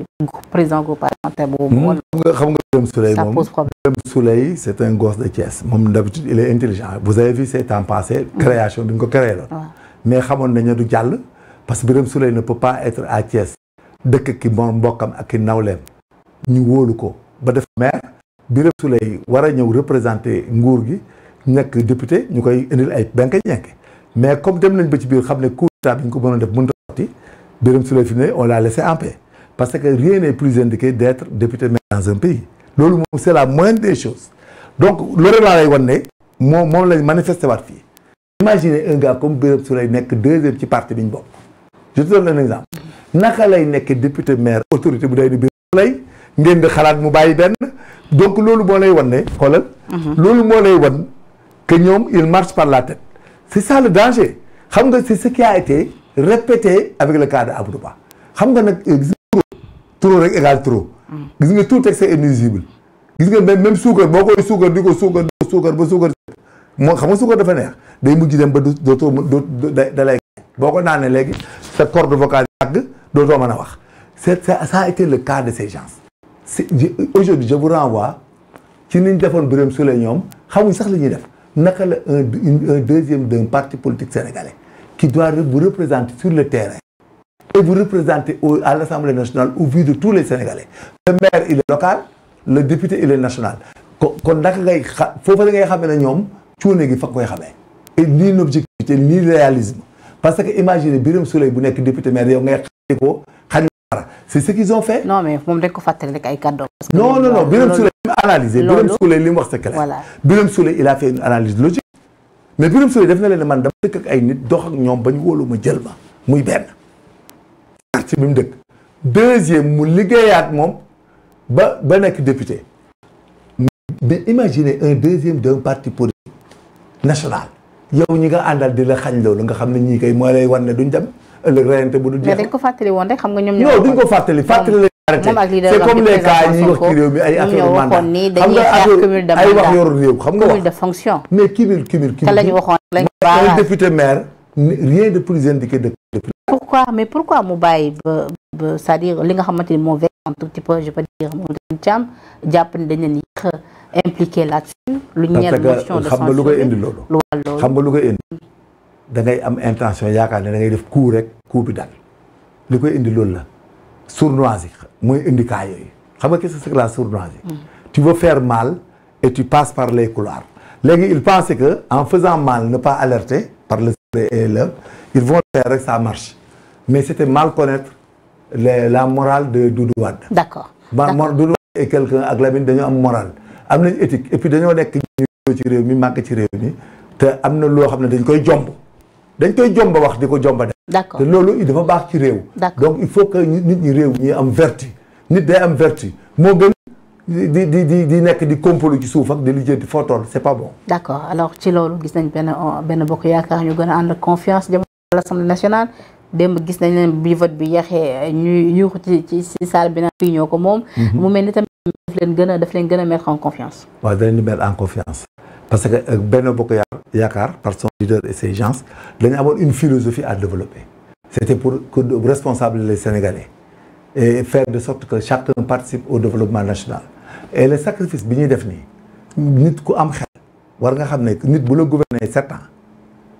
président groupe parlementaire moom xam nga Birame Souleye moom Birame Souleye c'est un gosse de Thiès moom d'habitude il est intelligent vous avez vu ces temps hmm. création bi ñu ko créé loon mais xamoon nañu du jàll parce que Birame Souleye ne peut pas être à Thiès dëkk ki moom mbokkam ak ki nawleem ñu wóolu ko ba def maire Birame Souleye war a ñëw représenter nguur gi nekk député ñu koy indil ay benk ñenk mais comme dem nañ ba ci biir xam ne coup d'état bi ko mënoon a sotti Birame Souleye fi ne on l'a laissé en paix parce que rien n'est plus indiqué d'être député maire dans un pays loolu moom c'est la moindre des lay wan ne moom moom lay manifesté waat fii imaginez un gars comme su Souleye nekk deuxième ci parti bi ñu bokk je te donne exemple naka lay nekkee député maire autorité bu day ni Birame Souleye ngeen di xalaat mu bàyyi benn donc loolu moo lay wan ne xoolal mhm. loolu moo lay wan que ñoom il march par la tête c'est ça le danger xam nga si ce qui a été répété avec le cas de Amadou Ba xam nga nag gis trop rek égal trop mhm. gis nga tout excès est nuisible gis nga même même suukar boo koy suukar di ko suukar di suukar ba suukar moo xam nga suukar dafa neex day mujj dem ba du dootoo doo boo ko naanee léegi sa corde vocale yàgg dootoo mën a wax c'est ça a été le cas de ces aujourd'hui je vous renvoie ci niñ defoon Birame Souleye ñoom xamuñ sax la ñuy def naka la un un deuxième d'un parti politique sénégalais qui doit bu représenter sur le terrain et vous représenter au à l'Assemblée nationale au vu de tous les Sénégalais le maire il est local le député il est national ko kon naka ngay xa foofu la ngay xamee ne ñoom cuune gi fa koy xamee et ni l'objectivité ni réalisme parce que imaginez Birame Souleye bu nekk député maire yow ngay ko c'est ce qu'ils ont fait. non mais moom dañ ko fàttali rek ay kàddoom. non no non Birame Souleye li mu analysé. loolu Birame Souleye li mu wax c'est clair. voilà Birame Souleye il une analyse logique. mais Birame Souleye def na leen man dama dëkk ak ay nit dox ak ñoom ba ñu wóolu ma jël ma muy benn. ci bi mu dëkk. deuxième mu liggéeyaat moom ba ba nekk député. mais imaginez un deuxième deux parti politique national. yow ñi nga àndal di la xañ loolu nga xam ne ñii kay moo lay wan ne duñ dem. ëllëg rayante bu du jeex. mais dañ ko fàttali woon rek xam nga ñoom. ñoo duñ ko fàttali fàttali lañ arrêté c'est comme les cas yi wax ci réew mi ay affaire mandat xam nga affaire ay wax yoru réew de fonction mais cumul cumul cumul lañu waxoon lañ de plus indiqué de ba ba li nga xamante ni moo vex un tout petit peu je peux dire moom dañ càmm jàpp ne dañ leen là-dessus lu ñeel motion de censure xam nga lu koy indi loolu xam nga lu koy indi da ngay am intention yaakaar ne da ngay def coup rek coup bi dal lu koy indi loolu la sournoiserie mooy indi cas yooyu xam nga qu'est-ce que c'est la sournoiserie mm. tu veux faire mal et tu passes par les couloirs léegi il pensait que en faisant mal ne pas alerter par le et le ils vont faire rek ça marche mais c'était mal connaître la morale de Doudou Wade. d'accord d'accord Doudou Wade et quelqu'un ak Lamine dañoo am morale am nañ éthique et puis dañoo nekk ñu ci réew mi màgg ci réew mi te am na loo xam ne dañ koy jomb. dañ koy jomba wax di ko jomba def. d'accord te loolu dafa baax ci réew. donc il faut que nit ñi réew. ñi am vertu nit day am vertu moo gën. di di di di nekk di kompolo ci suuf ak di lijjanti foo toll c'est pas bon. d'accord alors ci loolu gis nañ benn benn bokk yaakaar ñu gën a ànd ak confiance jëm à l'Assemblée nationale démb gis nañ leen bi vote bi yaxee ñuy yuuxu ci ci ci salle bi na fii ñoo ko moom. Mhm. mu mel ni tamit daf leen gën a daf leen gën a mettre en confiance. waaw danañ mettre en confiance. parce que euh, Benno Bokk Yaakaar par son leader et ses gens dañu amoon une philosophie à développer c'était pour responsable les Sénégalais et de sorte que chacun participe au développement national et le sacrifice bi ñuy def nii nit ku am xel war nga xam ne nit bu la gouverner sept ans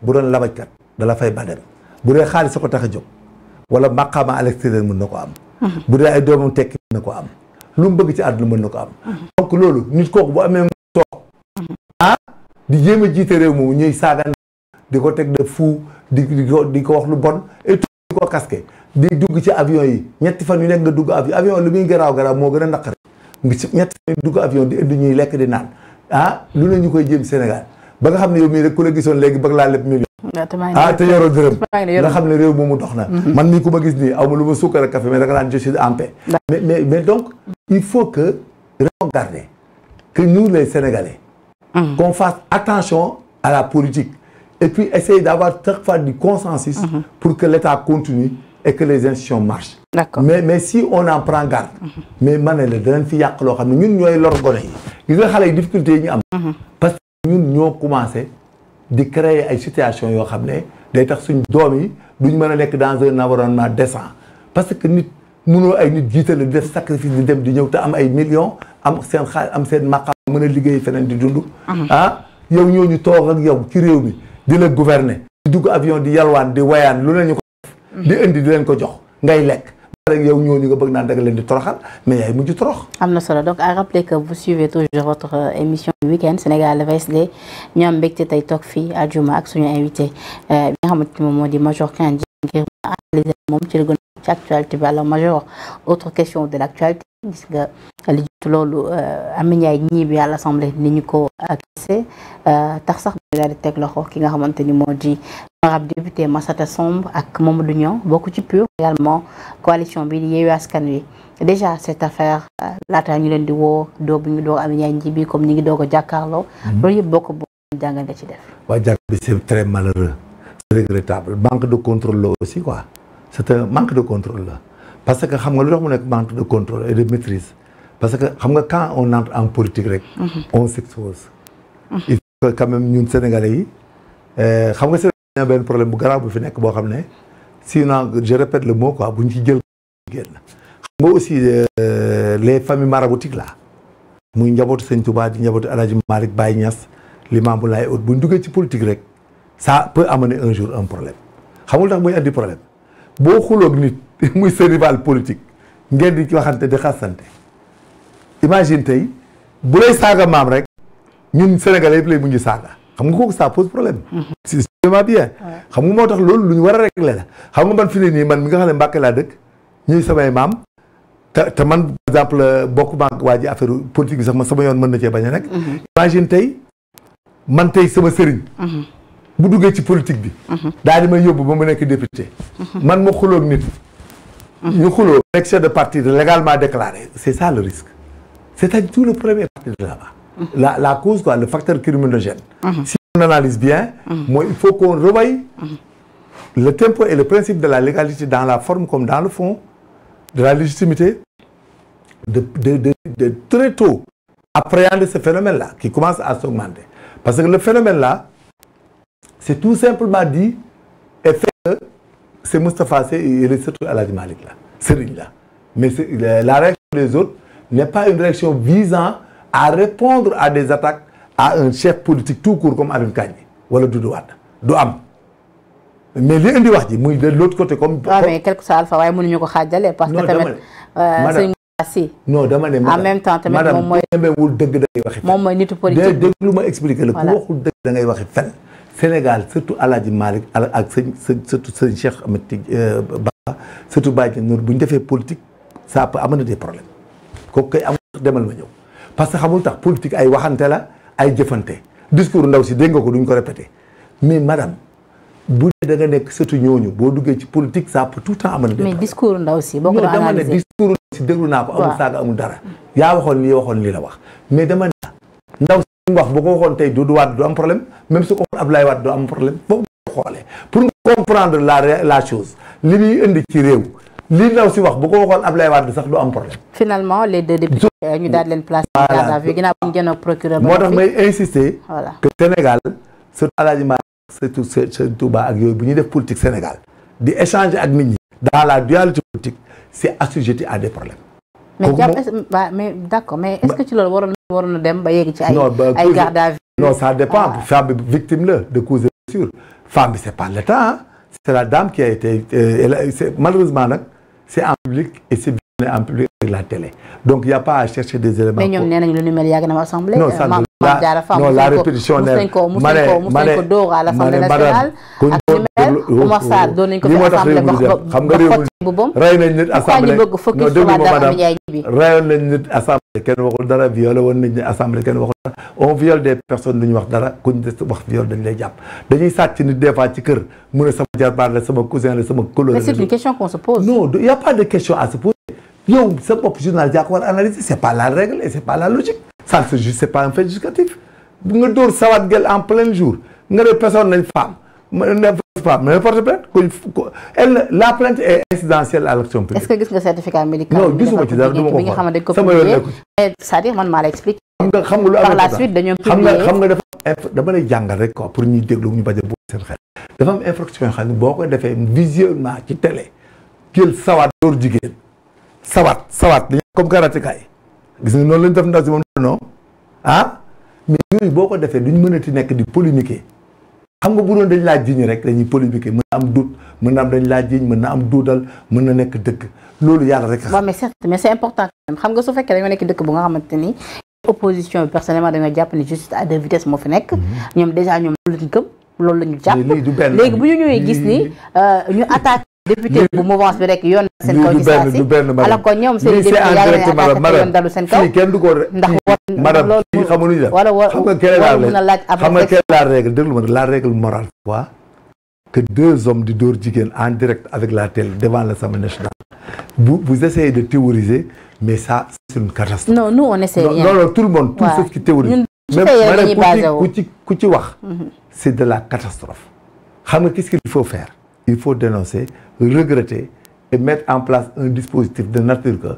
bu doon labajkat dala fay ba bu dee xaalis sa ko tax a jóg wala maqaama à l'extérieur mën na ko am mhm. bu dee ay doomam tekki mën na ko am lu mu bëgg ci àdduna na di jéem a jiite réew moomu ñuy saaga di ko teg de fou di di ko ko wax lu bon et tout di ko casqué di dugg ci avion yi ñetti fan yu nekk nga dugg avion avion lu muy garaaw garaaw moo gën a naqari ñetti fan yu dugg avion di indi ñuy lekk di naan ah lu ne ñu koy jéem Sénégal ba nga xam ne yow mii rek ku la gisoon léegi bëgg laa lépp million ah te yoroo dërëm nga xam ne réew moomu dox na mhm. man mii ku ma gis nii aw ma lu ma sukkar ak café mais da nga naan je suis en paix mais mmh. qu'on fasse attention à la politique et puis essayer d'avoir chaque fois du consensus mmh. pour que l'État continue et que les institutions marchent mais mais si on en prend garde mmh. mais ma ne la danañ fi yàq loo xam ne ñun ñooy lor gone yi gis nga xale yi difficulté yi ñu am mmh. parce que ñun ñoo commencé di créer ay situation yoo xam ne day tax suñ doom yi duñu mën a nekk dans un environnement décent parce que nit mënoo ay nit jiital jiitale def sacrifice di dem di ñëw te am ay millions am seen xaal am seen maqaam mën a liggéey feneen di dund ah yow ñooñu toog ak yow ci réew mi di la gouverner di dugg avion di yalwaan di wayaan lu ne ñu ko def mm-hmm. di indi di leen ko jox ngay lekk rek yow ñooñu nga bëgg naan daga leen di toroxal mais yaay mujj torox am na solo donc a rappeler que vous suivez toujours votre euh, émission du week-end Sénégal VSD ñu am tey toog fii àjjuma ak suñu invité euh, bi nga xamante moom moo di Major Kandji moom ci la gën ci actualité bi alors major autre question de l' actualité gis nga euh, li jiitu loolu euh, Amy Ndiaye ñii bi ni ñu ko ak accès euh, tax sax ñu daal di teg loxo ki nga xamante ni moo di honorable député Massata Somb ak Mamadou Niang bokk ci PUR également coalition bi di Yewwi Askan Wi déjà cette affaire laata ñu leen di woo doo bu ñu doo Amy Ndiaye ñii bi comme ñi ngi doog a jàkkaarloo mhm. loolu yëpp bokk bo jàngal nga ci def waa jàkk bi c'est très malheureux c'est regrettable manque de aussi quoi c'est un manque de contrôle là parce que xam nga lu tax mu nekk manque de contrôle et de maîtrise parce que xam nga quand on entre en politique rek. Mhm. on s'expose. il faut que quand ñun sénégalais yi eh, xam nga sénégalais benn problème bu garaaw bu fi nekk boo xam ne sinon je répète le mot quoi bu ñu ci jël génn. xam nga aussi euh, les familles maraboutiques là muy njabootu Sëñ Touba di njabootu El Hadj Malick Baye Niass Limamou Laye bu ñu duggee ci politique rek ça peut amener un jour un problème xamul tax muy andi problème. boo xuloog nit muy sa rival politique ngeen di ci waxante di xasante imagine tey bu lay saaga maam rek ñun sénégalais yëpp lay mu ngi saaga xam nga kooku ça pose problème mhm. si vraiment bien xam nga moo tax loolu lu ñu war a régler la xam nga man fi ne nii man mi nga xam ne Mbàkke laa dëkk ñuy samay maam te te man par exemple bokk maag waa ji affaire politique bi sax ma sama yoon mën na cee bañ a nekk mhm. imagine tey man tey sama sëriñ mhm. bu duggee ci politique bi. Mhm. daal di may yóbbu ba mu nekk député. Mhm. man ma ni nit. Mhm. ñu xuloo nekk chef de parti légalement déclaré c' est ça le risque c' est à dire tout le premier parti de là la la cause quoi le facteur criminogène. si on analyse bien. mooy il faut qu'on revoie le tempo et le principe de la légalité dans la forme comme dans le fond de la légitimité de de de de très tôt appréhender ce phénomène là qui commence à s'augmenter parce que le phénomène la c'est tout simplement dit et fait que c'est Moustapha Sey et surtout Aladji Malick la Serigne la mais la réaction des autres n'est pas une réaction visant à répondre à des attaques à un chef politique tout court comme Alioune Kandji wala Doudou Wade du am mais li indi wax ji muy de l'autre côté comme. Ah, quelque soit alpha waaye mënuñu ko xaajale. parce que tamit sëñ euh, si. non dama ne en même temps tamit moom mooy. dëgg da ngay waxi fen moom mooy nitu politique. déglu ma expliquer la Sénégal surtout El Hadj Malick ak sëñ surtout sëñ Cheikh Ahmed euh, Ba surtout Baye Nour bu ñu defee politique ça peut am na des problèmes kooku koy amul demal ma ñëw parce que xamul tax politique ay waxante la ay jëfante discours ndaw si dégg nga ko duñ ko répété mais madame bu dee da nga nekk surtout ñooñu boo duggee ci politique ça peut tout le temps am na des mais discours ndaw si boo naa ko amul saaga amul dara yaa waxoon lii waxoon lii la wax mais dama ndaw si wax boo ko waxoon tey Doudou Wade du am problème même su ko waxoon Abdoulaye Wade du am problème foofu xoolee pour nga comprendre la la chose li indi ci réew li ndaw si wax bu ko waxoon Abdoulaye Wade sax du am problème. finalement les deux députés euh, ñu daal leen place. voilà garde à vue ginnaaw bu ñu jënoog procureur. moo tax ak yooyu bu ñuy def politique Sénégal di échanger ak nit ñi. dans la dualité politique c'est assujetti à des problèmes. mais jàpp mais d'accord mais est que ci loolu waroon waroon dem ba yegg non ça dépend ah. femme victime la de cause de blessure femme bi c'est pas l'État c'est la dame qui a été euh, malheureusement c'est en public et c'est en public avec la télé donc il y a pas à chercher des éléments mais ñoom nee nañ lu ni mel assemblée non ça non la répétition ma ne ma ne ma ne madame xel Oumar Sarr doon nañ ko fi assemblée ba xam nga réew mi bubam rey nañ nit assemblée bëgg focus sur la dara Ndiaye bi rayoon nañ nit assemblée kenn waxul dara violé woon nañ nit assemblée kenn waxul dara on viole des personnes duñu wax dara kuñ wax viol dañ lay jàpp dañuy sàcc nit des fois ci kër mu ne sama jarbaar la sama cousin la sama colonie mais c'est une question qu'on se pose non il y a pas de question à se poser yow sa bopp journal yaa ko war analyser c'est pas la règle et c'est pas la logique ça ne se juge c'est pas un fait justificatif nga dóor sawat gel en plein jour nga ne personne nañ femme ma mais porte plainte ko la plainte est incidentielle à l'action est gis nga certificat médical. non gisuma ci dara ma ko xool sama yoon nekkul c'est-à-dire man maa la explique. xam nga xam nga lu am par la suite dañoo xam nga dafa dama lay jàngal rek quoi pour ñuy déglu ñu bañ a bugg seen xel. dafa am infraction yoo xam ne boo ko defee visionnement ci télé jël sawaat door jigéen sawaat sawaat dañuy comme karateka gis nga noonu la def ndaw si moom non ah mais yooyu boo ko defee duñ mënati nekk di polémiquer. xam nga bu dañ laa jiñ rek dañuy polémique mën na am duut na am dañ laa jiñ mën na am duudal mën na nekk dëkk loolu yàlla rek. waaw mais certes c'est important xam nga su fekkee dañoo nekk dëkk bu nga xamante ni opposition bi personnellement dañoo jàpp ni justice à deux vitesses moo fi mhm. ñoom déjà ñoom loolu ñu jàpp. léegi bu ñu ñëwee gis ni euh, ñu attaqué. député bu mouvance bi rek yoon seen kaw ci si alors que ñoom madame loolu xamuñu la wala wala xam la règle xam la règle morale quoi que deux hommes di dóor jigéen en direct avec la télé devant l'Assemblée nationale vous vous essayez de théoriser mais ça c'est une catastrophe non nous on essaie rien non non tout le monde tout ceux qui théorisent même ku ci wax mhm. c'est de la catastrophe xam nga qu'est-ce qu'il faut faire il faut dénoncer regretter et mettre en place un dispositif de nature que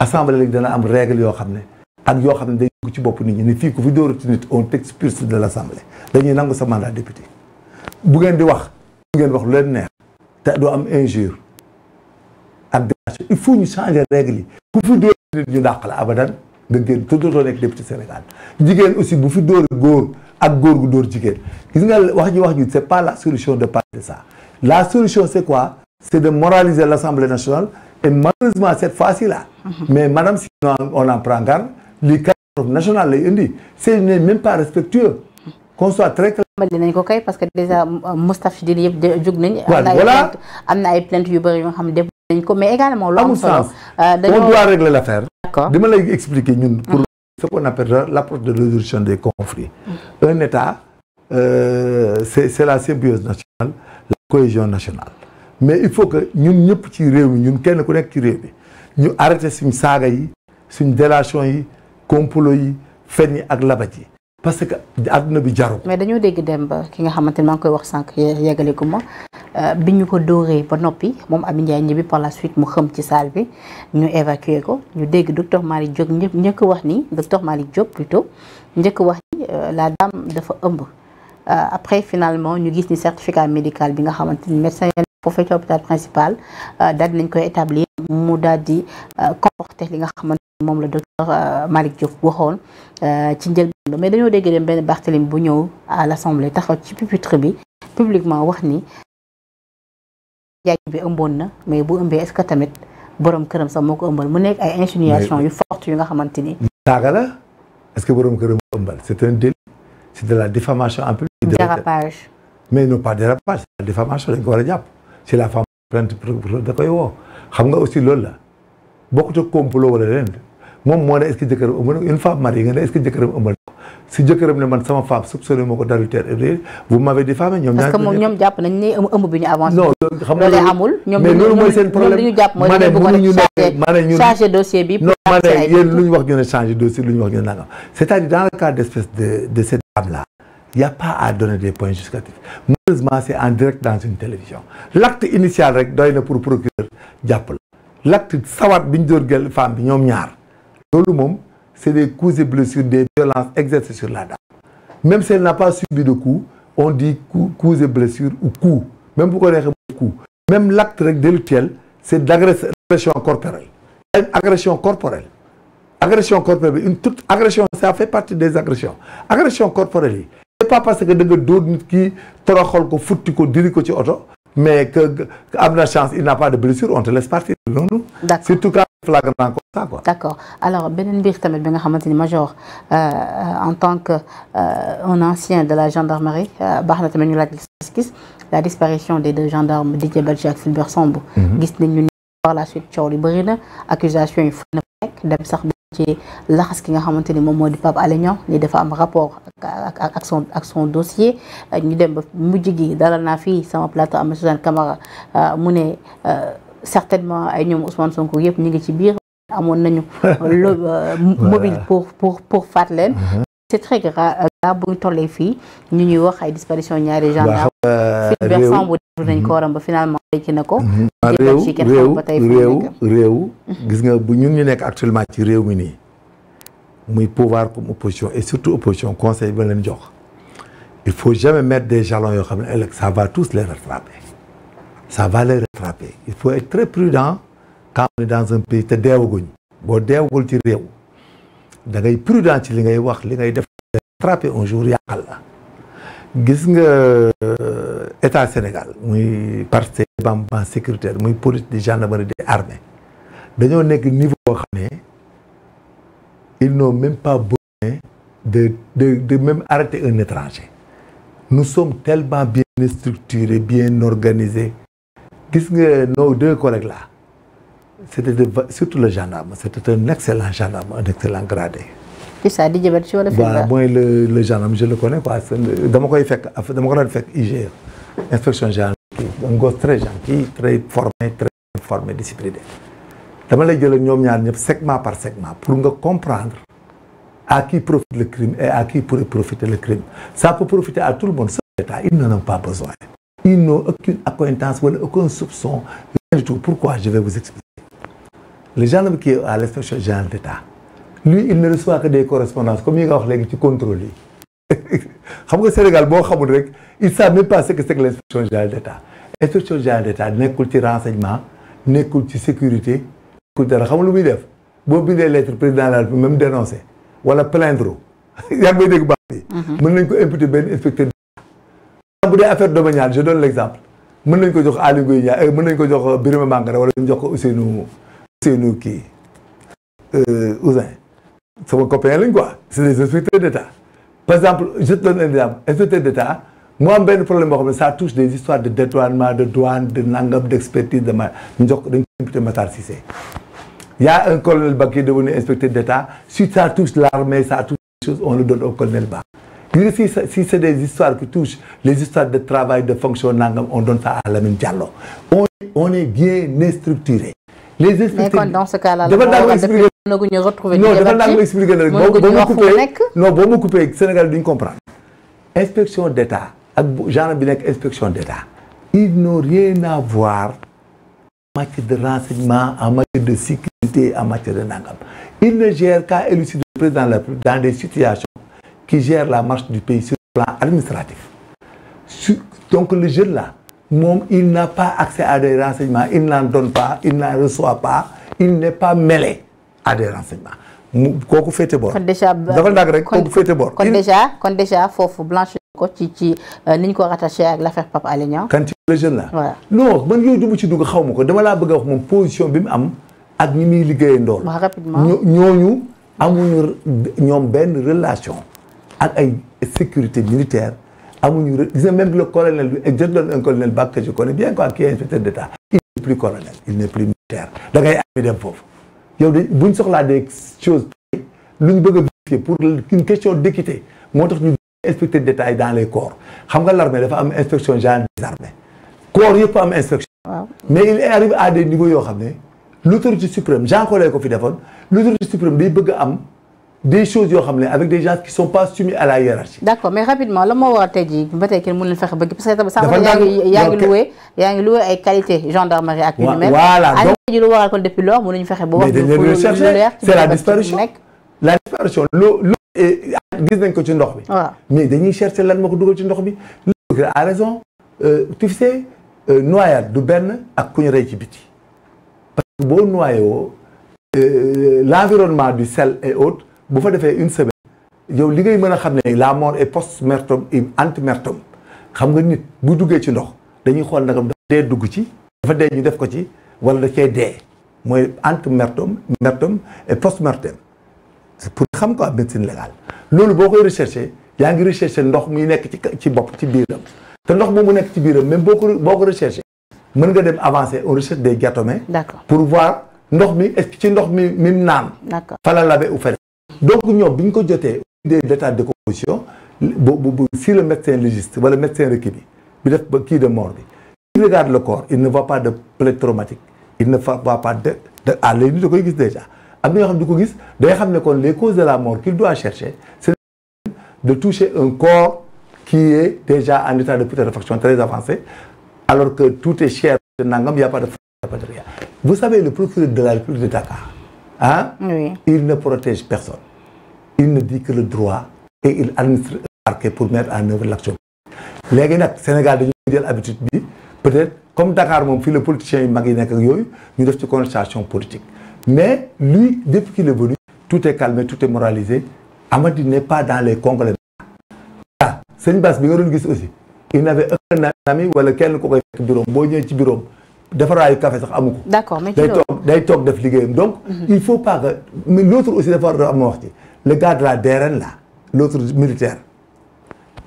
assemblée léegi dana am règle yoo xam ne ak yoo xam ne day dugg ci bopp nit ñu ne fii ku fi dóorati nit on t'expulse de l'assemblée dañuy nangu sa mandat député bu ngeen di wax bu ngeen wax lu leen neex te doo am injure ak déclaration il faut ñu changer règle yi ku fi dóor nit ñu dàq la abadan nga génn te dootoo nekk député Sénégal jigéen aussi bu fi dóor góor ak góor gu dóor jigéen gis nga wax ji wax ji c'est pas la solution de parler de ça La solution, c'est quoi C'est de moraliser l'Assemblée nationale. Et malheureusement, cette fois-ci-là. Mhm. Mais madame, si on en prend garde, les catastrophes nationales, les c'est même pas respectueux. qu'on soit très clair. dinañ ko kay parce que déjà euh, Moustapha yëpp de jug nañ. voilà am na ay plaintes yu bëri yoo mais également. lu am solo euh, dañoo on doit régler l'affaire. d'accord dama lay expliquer ñun. Mhm. pour ce qu'on appelle l'approche de résolution des conflits. Mhm. un état euh, c'est c'est la symbiose cohésion nationale mais il faut que ñun ñëpp ci réew mi ñun kenn ku nekk ci réew mi ñu arrêté suñ saaga yi suñ délation yi complot yi fen yi ak labat yi parce que àdduna bi jaru mais dañoo dégg dem ba ki nga xamante ne maa koy wax sànq yeggaleku ma euh, bi ñu ko dóoree ba noppi moom Amy Ndiaye ñibbi par la suite mu xëm ci saal bi ñu évacuer ko ñu dégg docteur Malick Diop ñëpp njëkk wax ni docteur Malick Diop plutôt njëkk wax ni euh, la dame dafa ëmb Euh, après finalement ñu gis ni certificat médical bi nga xamante ni médecin yi foofu ci hôpital principal euh, daal nañ koy établir mu daal di euh, comporter li nga xamante moom la docteur Malick Diop waxoon ci njël njëlbeen mais dañoo dégg dem benn Barthélémy bu ñëw à l'assemblée taxaw ci pupitre bi publiquement wax ni jaaj bi ëmboon na mais bu ëmbee est-ce que tamit borom këram sax moo ko ëmbal mu nekk ay insinuation yu forte yu nga xamante ni saaga la est-ce que borom këram ëmbal c'est c'est de la diffamation en public. dérapage. mais non pas dérapage c'est de la diffamation dañ ko si la femme plainte da koy woo xam nga aussi loolu la bokkut ak complot wala leneen moom moo ne est-ce que jëkkëram ëmb na une femme nga ne est-ce que jëkkëram ëmb si jëkkëram ne man sama femme soupçonné ko d'adultère vous m'avez diffamé ñoom parce que ñoom jàpp nañ ne ëmb bi ñu avancé non xam nga loolu amul ñoom mais loolu à dire dans le cas en direct dans une télévision l'acte initial rek doy na pour procureur jàpp la l'acte sawat bi ñu dóor gel femme bi ñoom ñaar loolu moom c'est des coups et blessures, des violences exercées sur la dame. Même si elle n'a pas subi de coups, on dit coups, coups blessures ou coups. Même pour connaître coups. Même l'acte délictuel, c'est d'agression corporelle. Une agression corporelle. Agression corporelle, une toute agression, ça fait partie des agressions. Agression corporelle, c'est pas parce que da nga dóor nit ki toroxal ko futti ko diri ko ci oto mais que am na chance il n'a pas de blessure on te laisse partir noonu surtout quand flagrant comme ça quoi d'accord alors beneen mbir tamit bi nga xamante ni major euh, en tant que euh, un ancien de la gendarmerie euh, baax na tamit ñu laaj gis la disparition des deux gendarmes Didier Badji ak Fulbert Sambou mhm. gis nañu ni par la suite coow bëri na accusation yi fu na fekk ci laxas ki nga xamante ni moom moo di Pape Alé Niang ni dafa am rapport ak ak son ak son dossier ñu dem ba mujj gi dalal naa fii sama plateau am Suzanne Camara euh, mu ne euh, certainement ay ñoom Ousmane Sonko yëpp ñu ngi ci biir amoon nañu euh, mobile pour pour pour faat leen mm-hmm. c'est très grave bu ñu tollee fii ñu ñuy wax ay disparition ñaari gendarme Eh, réew nañ mhm. ko waram ba finalement ci na ko mhm. ah, réew réew réew mhm. gis nga bu ñun ñu nekk actuellement ci réew mi nii muy pouvoir comme opposition et surtout opposition conseil bi leen jox il faut jamais mettre des jalons yoo xam ne ëllëg ça va tous les rattraper ça va les rattraper il faut être très prudent quand on est dans un pays te deewaguñ boo deewagul ci réew da prudent ci li ngay wax li ngay def rattraper un jour yàqal la gis nga euh, état Sénégal muy parti bambam sécuritaire muy police di gendarmerie de armée dañoo nekk niveau boo xam ne il n'ont même pas besoin de de de même arrêter un étranger nous sommes tellement bien structurés bien organisés gis nga nos deux collègues là c'était de surtout le gendarme c'était un excellent gendarme un excellent gradé Fissa di jëbal ci wala. Fissa mooy le le je le connais quoi dama koy fekk dama ko doon fekk IGE inspection générale. un gosse très gentil très formé très formé discipliné dama lay jël ñoom ñaar ñëpp segment par segment pour nga comprendre à qui profite le crime et à qui pourrait profiter le crime ça peut profiter à tout le monde. l'État ils n'en ont pas besoin. ils n'ont aucune accointance wala aucun soupçon rien tout pourquoi je vais vous expliquer le à lui il ne reçoit que des correspondances comme yi nga wax léegi ci contrôle yi xam nga Sénégal boo xamul rek il sait même pas ce que c'est que l'inspection générale d'État l'inspection générale d'État nekkul ci renseignement nekkul ci sécurité nekkul dara xam lu muy def boo bindee lettre président la même dénoncé wala plaindre yaa ngi may dégg baax bi mhm. mën nañ ko imputer benn inspecteur bu dee affaire domaniale je donne l'exemple mën nañ ko jox Aly Ngouille Ndiaye euh, mën nañ ko jox Birima Mangara wala ñu jox ko Ousseynou Ousseynou kii euh, Ousin sama copain lañ quoi c'est des inspecteurs d'État par exemple je te donne un exemple inspecteur d'État mu am benn problème boo xam ne ça touche des histoires de détournement de douane de nangam d'expertise de ma ñu jox dañ ko imputé Matar Cissé un colonel Ba qui est devenu d'État si ça touche l'armée ça touche des on le donne au colonel Ba si c'est des histoires qui touchent les histoires de travail de fonction nangam naguñu retrouver. non dafa naa ko expliqué rek boo boo ma coupé non boo ma coupé Sénégal duñ comprendre. inspection d' état ak genre bi nekk inspection d' état. ils n'ont rien à voir en matière de renseignement en matière de sécurité en matière de nangam ils ne gèrent qu'à élucider le président de la République dans des situations qui gèrent la marche du pays sur le plan administratif. donc le jeune là moom il n'a pas accès à des renseignements il n'en donne pas il n'en reçoit pas il n'est pas mêlé. à des renseignements mu kooku féete boor. kon déjà euh, dafal ndànk rek kooku féete boor. kon déjà kon déjà foofu blanche ko ci ci euh, ni ñu ko rattaché ak l'affaire Pape Alé Niang. quand le jeune là. waaw man yooyu du ci dugg xaw ma ko dama laa bëgg a wax moom position bi mu am ak ñi muy liggéeyee ndool waaw rapidement ñooñu amuñu ñoom benn relation ak ay sécurité militaire amuñu ñu gis nga même le colonel bi je donne un colonel Bakk que je connais bien quoi il n'est plus colonel il n'est plus militaire da ngay am dem foofu. yow de buñ soxlaa des choses lu ñu bëgg a vérifier pour une question d'équité moo tax ñu inspecter détail dans les corps xam nga l'armée dafa am inspection genre des armées corps yëpp am inspection mais il arrive à des niveaux yoo xam ne l'autorité suprême Jean Collin ko fi defoon l'autorité suprême day bëgg am des choses yoo xam ne avec des gens qui sont pas soumis à la hiérarchie. d' mais rapidement la moo war a tey jii ba tey kenn mën leen fexe ba parce que sànq yaa ngi yaa ngi loué yaa ngi loué ay qualité gendarmerie ak. waaw voilà donc ji lu waral kon depuis lors mënuñu fexe ba. wax la disparition la disparition loo loo gis nañ ko ci ndox bi. waaw mais dañuy chercher lan moo ko dugal ci ndox bi. loolu a raison euh, tu sais euh, du benn ak ku ñu rey ci biti. parce que boo noyé woo euh, sel et bu fa defee une semaine yow li ngay mën a xam ne la mort est post-mortem et ante xam nga nit bu duggee ci ndox dañuy xool nagam dafa dee dugg ci dafa dee ñu def ko ci wala da cee dee mooy ante-mortem mortem et post-mortem pour xam ko médecine légale loolu boo koy recherché yaa ngi recherché ndox muy nekk ci ci bopp ci biiram te ndox moomu nekk ci biiram même boo ko boo ko recherché mën nga dem avancer on recherche des gatome d'accord pour voir ndox mi est ci ndox mi mi naan d'accord fala labe donc ñoom bi ñu ko jotee des états de composition bu bu si le médecin légiste wala médecin requis bi def ba kii de mort bi il regarde le corps il ne voit pas de plaie traumatique il ne voit pas de de à l'œil nu koy gis déjà am na ñoo xam di ko gis day xam ne kon les causes de la mort qu'il doit chercher c'est de toucher un corps qui est déjà en état de putréfaction très avancé alors que tout est cher de nangam il y a pas de vous savez le procureur de la République de il na dit ki le droit et il administre le parquet pour mettre en œuvre l'action léegi nag Sénégal dañu jël habitude bi peut-être comme Dakar moom fii la politiciens yu mag yi nekk ak yooyu ñu def ci conversation politique mais lui depuis qu'il est venu tout est calmé tout est moralisé Amadi n'est pas dans les congolais ah sëñ Bass bi nga doon gis aussi il n'avait aucun ami wala kenn ko koy fekk bureau boo ñëwee ci bureau defaraayu café sax amu ko. d'accord mais day toog day toog def liggéeyam donc. Mhm. il faut pas que mais l'autre aussi dafa war am wax ci le gars de la DRN là l'autre militaire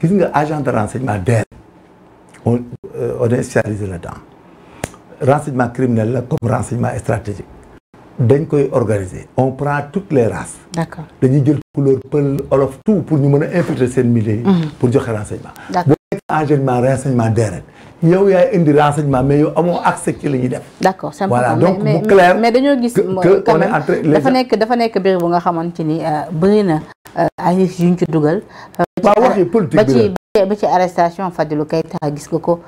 gis nga agent de renseignement DRN on euh, on est spécialisé là-dedans renseignement criminel la comme renseignement stratégique. dañ koy organiser on prend toutes les races. d'accord dañuy jël couleur pël olof tout pour ñu mën a infiltrer seen milieu yi. Mhm. pour joxe renseignement. boo nekkee enseignement renseignement deret yow yaay indi renseignement mais yow amoo accès ci li ñuy def. d'accord c'est important voilà donc bu clair mais dañoo gis. que on dafa nekk dafa nekk biir bu nga xamante ni euh, bëri na euh, ay nit yuñ ci dugal. ba ci ba ci arrestation Fadilou Keita gis nga ko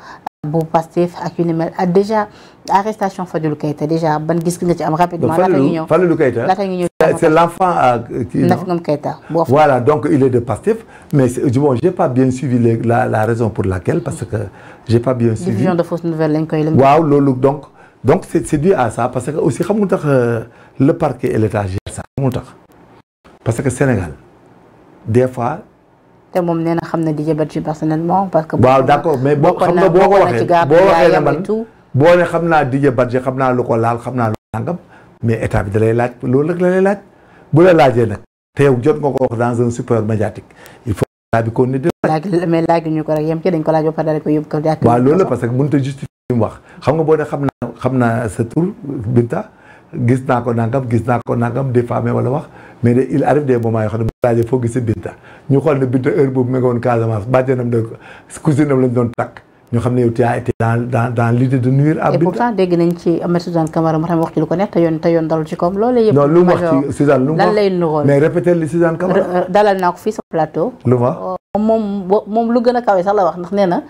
bu Pastef ak yu ni mel ah, déjà arrestation Fadilou Keita déjà ban gis nga ci am rapidement laata ñu ñëw Fadilou Keita laata ñu ñëw c'est l'enfant à euh, qui Naf Ngom Keita voilà donc il est de Pastef mais j'ai pas bien suivi la raison pour laquelle parce que j'ai pas bien suivi diffusion de fausses nouvelles lañ koy lëng waaw donc donc c'est c'est à ça parce que aussi xamul tax euh, le parquet et l'état gère ça parce que Sénégal des fois te moom nee xam na di jabar ci personnellement parce que. waaw d' mais boo xam nga boo ko waxee boo waxee ne man boo ne xam naa Didier Badji xam naa lu ko laal xam naa lu nangam mais état la lay laaj la laajee nag te yow ko wax dans un super ko rek yem ci dañ ko laaj ba pare daal ko yóbbu ko waaw loolu la parce que mënut a justifier li mu wax xam nga boo ne xam na xam sa tur Binta gis naa ko nangam gis naa ko nangam diffamé wala wax mais de il arrive des moments yoo xam ne mu laajee foo Binta ñu xool ne Binta heure boobu mu ngi woon Casamance bàjjenam de cousinam doon takk ñu xam ne yow tu as été dans dans dans l'idée de nuire à. dégg nañ ci Ahmed Suzanne Camara mu xam wax ci lu ko nekk te yoon dalul ci koom loolu yëpp. lu mu wax ci Suzanne lu mu mais répété li Suzanne dalal naa ko fii sa plateau. lu ma euh, moom lu gën a kawe sax la wax ndax nee na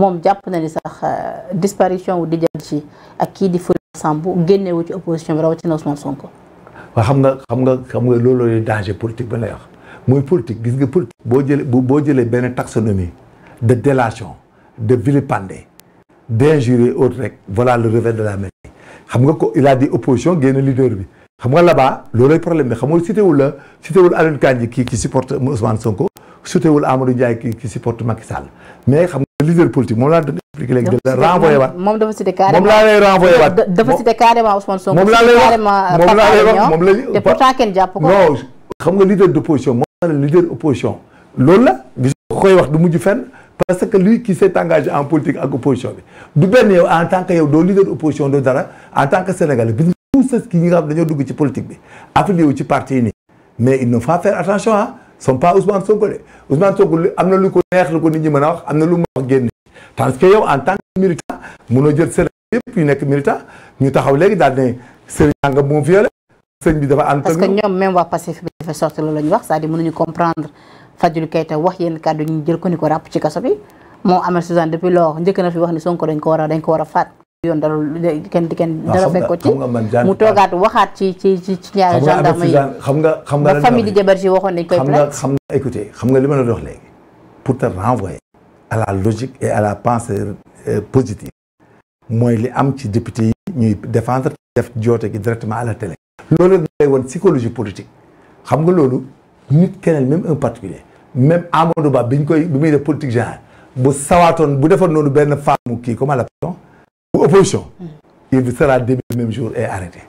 moom jàpp na ni sax euh, disparition wu di jël ci ak kii di Fulbert Sambou génnewu ci opposition bi rawatina Ousmane Sonko. waaw xam nga xam nga xam nga loolu danger politique ba lay wax mooy politique gis nga politique boo jëlee boo jëlee benn taxonomie de délation. de vilipender d'injurier autre rek voilà le revers de la médaille xam nga ko il a dit opposition génn leader bi xam nga là-bas loolooy problème bi xam nga cité la cité wul Alioune Kandji kii qui supporte Ousmane Sonko cité wul Amadou Ndiaye kii supporte Macky mais xam nga leader politique moom laa doon expliqué léegi. dafa cité renvoyé moom dafa cité carrément moom Sonko. moom laa lay wax euh, moom laa lay jàpp ko. non xam nga moom la leader opposition loolu la gis koy wax parce que lui kii s'est engagé en politique ak opposition bi du benn yow en tant que yow doo leader opposition doo dara en tant que sénégalais bis tout ce nga xam dañoo dugg ci politique bi affilié wu ci parti yi nii mais il ne faut faire attention ah sont pas Ousmane Sonko de Ousmane Sonko am na lu ko neex lu ko ni ñi mën a wax am na lu ma wax génn parce que yow en tant que militant mënoo jël sëriñ yëpp yu nekk militant ñu taxaw léegi daal ne sëriñ nga moom violé sëñ bi dafa ànd parce que ñoom même waa Pastef bi dafa sorti loolu ñu wax Fadilou Keita wax yenn kàddu ñu jël ko ni ko ràpp ci kaso bi moo amal Suzanne depuis fi wax ni Sonko dañ a ko war a faat yoon dalul kenn di kenn ah, dara fekk ci ci ci xam nga xam nga famille di jabar ji waxoon nañ koy plainte xam nga écoutez xam nga li ma la dox léegi pour te renvoyer à la logique et à euh, mooy li am ci député yi ñuy défendre def joote gi directement à la télé loolu lay woon psychologie politique xam nga loolu nit keneen même un particulier même Amadou Ba bi ñu koy bi muy def politique générale bu sawaatoon bu defoon benn femme kii comment l'appelle-t-on bu opposition hmm. il sera démis le jour et arrêté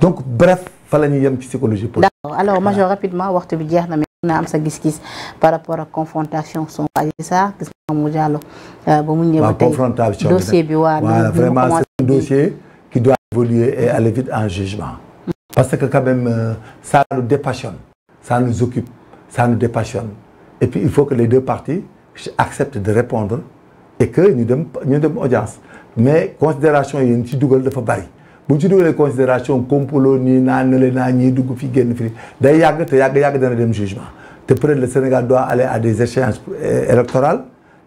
donc bref fa la ñuy yem ci psychologie politique d'accord alors major rapidement waxtu bi jeex na mais na am sa gis-gis par rapport ak confrontation son sa Sarr gis nga mu jàllo euh, ba mu ñëw tey dossier bi waa voilà vraiment c'est un dossier qui doit évoluer et aller vite en jugement hmm. parce que quand sa euh, ça nous dépassionne ça nous occupe ça et il faut que les deux parties acceptent de répondre et que ñu dem ñu dem audience mais considération yi ñu ci dugal dafa bari bu ñu ci dugalee considération complot nii naa nele naa ñii dugg fi génn fi day yàgg te yàgg yàgg dana dem jugement te peut-être Sénégal doit aller à des échéances euh, électorales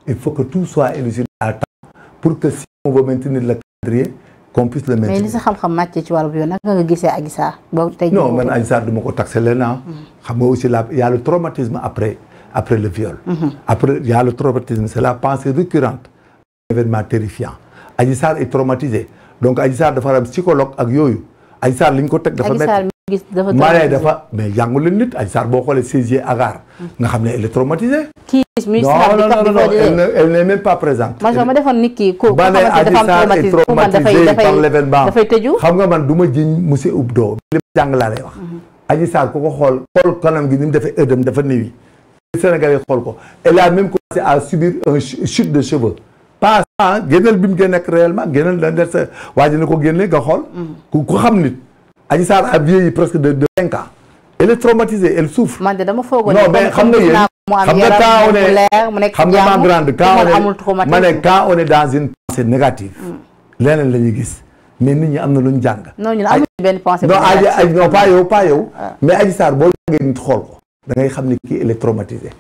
il faut que tout soit élucidé à temps pour que si on veut maintenir le calendrier qu'on sa xam-xam màcc ci wàllu yoon naka nga gisee Adji Sarr. boobu tey non man Adji Sarr du ma ko taxé ah. hmm. xam nga aussi la y a traumatisme après. après le viol. après il y a le traumatisme c'est la pensée récurrente. événement terrifiant. Adji Sarr est traumatisé donc Adji Sarr dafa am psychologue ak yooyu Adji Sarr li ñu ko teg dafa métti gis dafa ma ma nit ki ko xam ne dafa traumatisé dafay tëju. xam nga man du jiñ monsieur Oubdo li ma jàng laa lay wax. Mhm. Adji xool kanam gi ni mu defee dafa néewi. Sénégalais xool ko elle a même commencé à subir un chute de cheveux pas ça génneel bi mu gën nekk réellement génneel da ndet sa waaji na ko génne nga xool ku ko xam nit Adji Sarr a vieilli presque de de cinq ans elle est traumatisée elle souffre man de dama foogoon mais xam nga yéen xam nga quand on est xam nga ma grande quand on est ma ne quand on est dans une pensée négative leneen la ñuy gis mais nit ñi am na lu ñu jàng non ñun amuñu benn pensée non non pas yow pas ah. mais Adji Sarr boo jàngee nit xool da ngay xam ne kii elle est traumatisée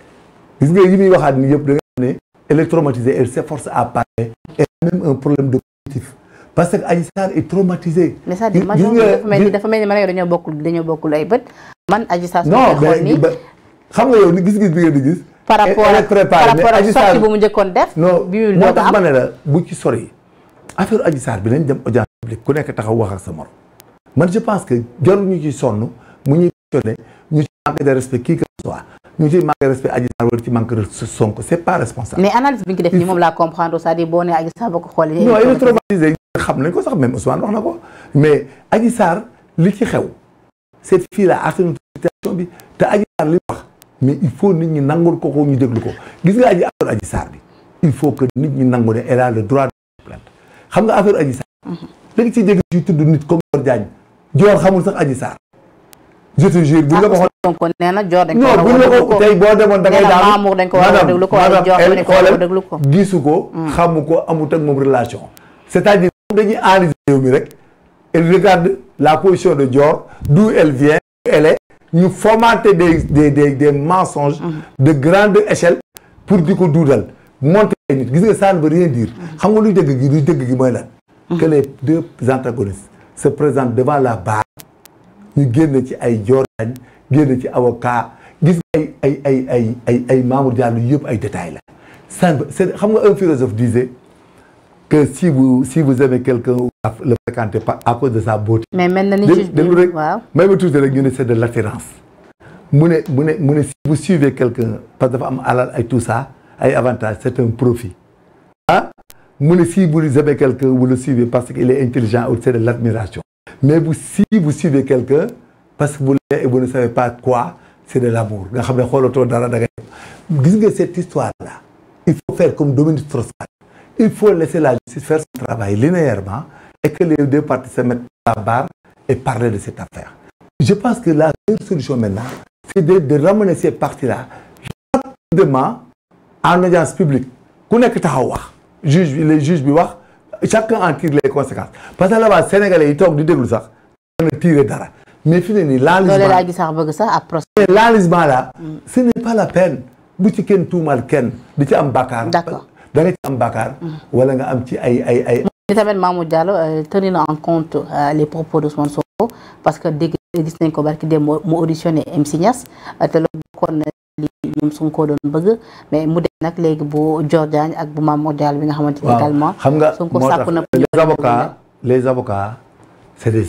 gis nga yi muy waxaat ni yëpp da ngay xam ne elle est traumatisée elle s'efforce à parler elle a même un problème de cognitif parce que Adji Sarr est message mais ça dafa mel ni dafa mel ni man dañoo bokkul dañoo bokkul ay bët. man Adji Sarr su ma xool nii xam nga yow ni gis-gis bi ngeen di gis. par rapport ak par rapport ak sortie bu mu njëkkoon def. non moo tax ma ne la bu ci sori. affaire Adji Sarr bi nañ dem audience publique ku nekk taxaw wax ak sa moro man je pense que jarul ci sonn mu ñuy manque de respect qui que ce soit ñu ngi ciy manque de respect mais ko xoolee. non il xam na ko mais Adji li ci xew cette fille bi te Adji Sarr li wax mais faut nit ñi nangul ko ko ñu déglu ko gis nga Adji affaire Adji Sarr bi il faut que nit ñi nangu ne a le droit de plainte xam nga affaire Adji Sarr. Mhm. léegi ci dégg ci tudd nit comme Dior Diagne Dior xamul sax Adji Sarr. je te jure buñ la ko. Sonko nee na Dior dañ ko war a woo déglu ko tey boo demoon da ngay daal Mamour dañ ko war a woo déglu ko wala Dior dañ ko war a woo déglu ko. gisu ko. Hmm. xamu ko amut ak moom relation. c'est-à-dire dañuy analyser réew mi rek. elle regarde la position de Dior d'où elle vient elle est ñu formater des des des des mensonges. Hmm. de grande échelle. pour di ko duudal monter ay nit gis nga ça ne veut rien dire. Hmm. xam nga luy dëgg gi luy dëgg gi mooy lan. que les deux antagonistes se présentent devant la barre. ñu génn ci ay joor Jordan génn ci avocat gis nga ay ay ay ay ay ay Mamour Diallo yëpp ay détails la simple c'est xam nga un philosophe disait que si vous si vous aimez quelqu'un le fréquentez pas cause de sa beauté mais mel na ni ci déglu rek may ma tuuti rek ñu ne c'est de mu ne mu ne mu ne si vous suivez quelqu'un parce que dafa am alal ay tout ça ay avantages c'est un profit ah mu ne si vous aimez quelqu'un vous le suivez parce qu'il est intelligent ou c'est de l'admiration mais vous, si vous suivez quelqu'un parce que vous l'aimez et ne savez pas quoi c'est de l'amour nga xam ne xoolatoo dara da ngay gis nga cette histoire là il faut faire comme Dominique Strauss-Kahn il faut laisser la justice faire son travail linéairement et que les deux parties à barre et parler de cette affaire je pense que la meilleure solution maintenant c'est de, de ramener ces parties là rapidement en audience publique ku nekk taxaw wax juge les juges bi wax chacun en tire les conséquences parce que là-bas sénégalais yi toog di déglu sax mën a tirer dara mais fi ne nii l'enlisement là mm. ce n'est pas la peine bu ci kenn tuumal kenn di ci am bakkaar da nga ci am bakkaar mm. wala nga am ci ay ay ay ni tamit Mamour Diallo euh, tenir na en compte euh, les propos de Ousmane parce que dégg gis barki dem mu auditionné MC Niass euh, te loolu bokkoon li ñoom Sonko doon bëgg mais mu dem nag léegi bu Dior Diagne ak bu Mamour Diallo bi nga xamante ni également xam nga Sonko les avocats les avocats c'est des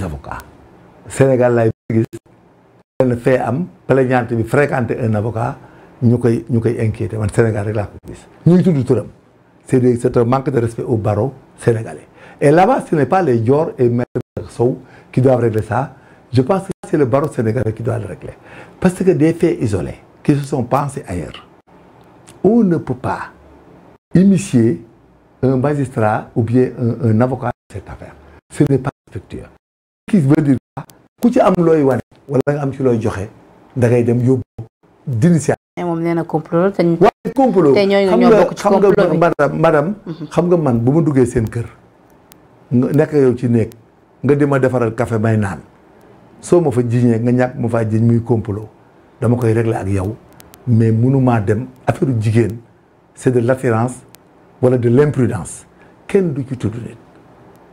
bi fréquenter ñu koy ñu koy inquiété man Sénégal rek laa ko gis ñu ngi tudd turam c'est des c'est un manque de respect au barreau sénégalais et là-bas ce n'est pas les je pense le barreau sénégalais parce que des faits isolés qui se sont pensés ailleurs. On ne peut pas magistrat ou bien un, un avocat dans ku ci am looy wane wala nga ci looy joxe da ngay dem yóbbu d'initiative. mais xam nga madame mhm. man bu ma duggee seen kër. nga nekk yow ci néeg nga dem a defaral kafe may naan soo ma fa jiñee nga ñàkk ma faa jiñ muy complot. dama koy régler ak yow mais mënumaa dem affaire jigéen c'est de l'attirance wala de l'imprudence kenn du ci tudd nit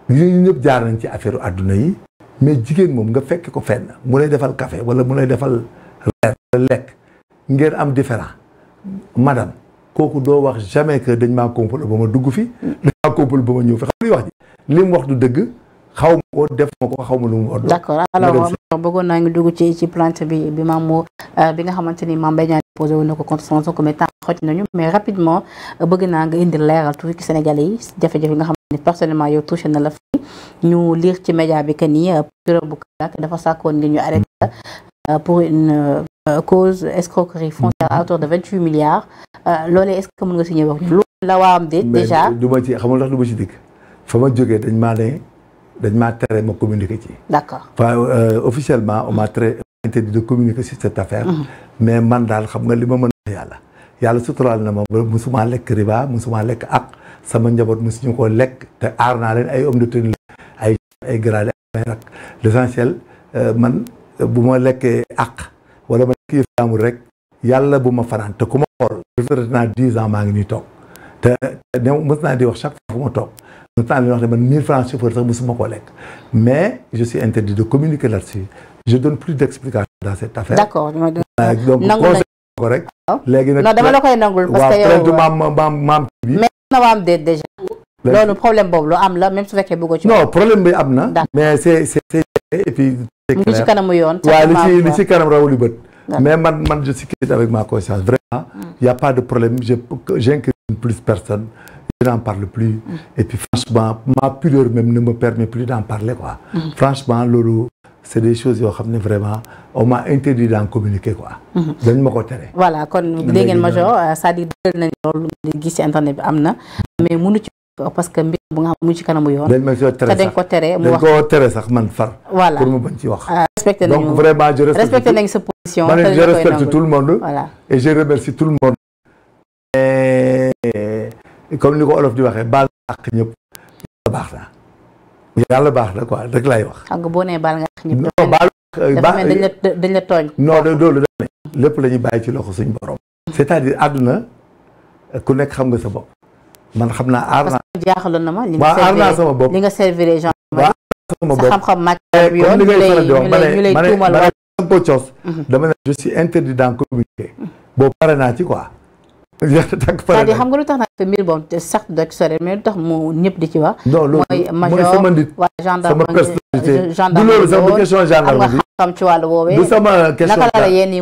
ñu ñëpp jaar nañ ci affaire àdduna yi mais jigéen moom nga fekk ko fenn mu lay defal café wala mu lay defal reer lekk ngeen am différent madame kooku doo wax jamais que dañ maa complot ba ma dugg fi dañ maa complot ba ma ñëw fi xam wax ji li wax du dëgg xaw ma ko def ma ko xaw ma lu mu war. d' accord alors euh, bëggoon naa ngi dugg ci ci plainte bi bi maam moo euh, bi nga xamante ni Mame Mbaye Niang posé wu na ko contre Sonko mais temps xoj nañu mais rapidement euh, bëgg naa nga indi leeral tuuti ci Sénégalais yi jafe-jafe nga xam ne personnellement yow touché na la fii ñu lire ci média bi que nii procureur dafa sàkkoon ngir ñu arrêté pour une cause escroquerie foncière à hauteur de vingt huit milliards loolee est ce nga si ñëw wax ñu loolu la waa am déet déjà du ma ci xamul ndax ma ci dikk ma dañ maa tere ma communiquer ci. d'accord enfin euh, officiellement on m'a très interdit de communiquer sur cette affaire. Mm-hmm. mais man daal xam nga li ma mën a yàlla. yàlla suturaal na ma ba musuma lekk riba musuma lekk ak sama njaboot mu musuñu ko lekk te aar naa leen ay homme de tenue ay ay gradé ay rak l'essentiel euh, man bu ma lekkee ak wala ma lekk yëf rek yàlla bu ma fanaan te ku ma xool. retraité naa dix ans maa ngi nii toog te ne mës naa di wax chaque fois fu toog. le temps bi wax ne man 1000 francs chauffeur sax mosuma koo lekk mais je suis interdit de communiquer là-dessus je donne plus d'explications dans cette affaire. d'accord euh, non dama la koy nangul. parce que yow waaw maam maam maam bi. mais na waam déet déjà. loolu problème am la même su fekkee bëgg ci. non problème bi am na. mais c'est c'est c'est et puis. c'est clair mu ngi ci kanamu yoon. waaw li ci li ci kanam rawu li bët. mais man je suis quitte avec ma conscience vraiment. Hmm. y a pas de problème je je n'en parle plus. et franchement ma pudeur même ne me permet plus d'en parler quoi. franchement loolu c' est des choses yoo xam ne vraiment on m'a interdit d'en communiquer quoi. dañ ma ko tere. dañ ma ko tere sax man far. voilà pour mu bañ ci wax. Euh, respecté nañu sa position. je respecte tout le monde. voilà et je remercie tout le monde. comme ni ko olof di waxee baal nga àq ñëpp baax na yàlla baax na ko rek laay wax. xam nga boo nee baal nga àq ñëpp. non baal dafa mel dañ la tooñ. non loolu dañ ne lépp la ñuy bàyyi ci loxo suñu borom. c'est-à-dire àdduna ku nekk xam nga sa bopp man xam naa aar naa. parce que jaaxaloon na ma li nga. aar naa sama bopp li nga servir gens. waaw sama bopp sa xam-xam màcc. Eh, yoon ñu lay ñu lay tuumal wala. Mhm. dama ne je suis interdit boo pare naa ci quoi. tak xam nga lu tax nag te mbir boobu te sax dak sore tax mu ñëpp di ci wax mooy major waa gendarme euh, gendarme loolu sax du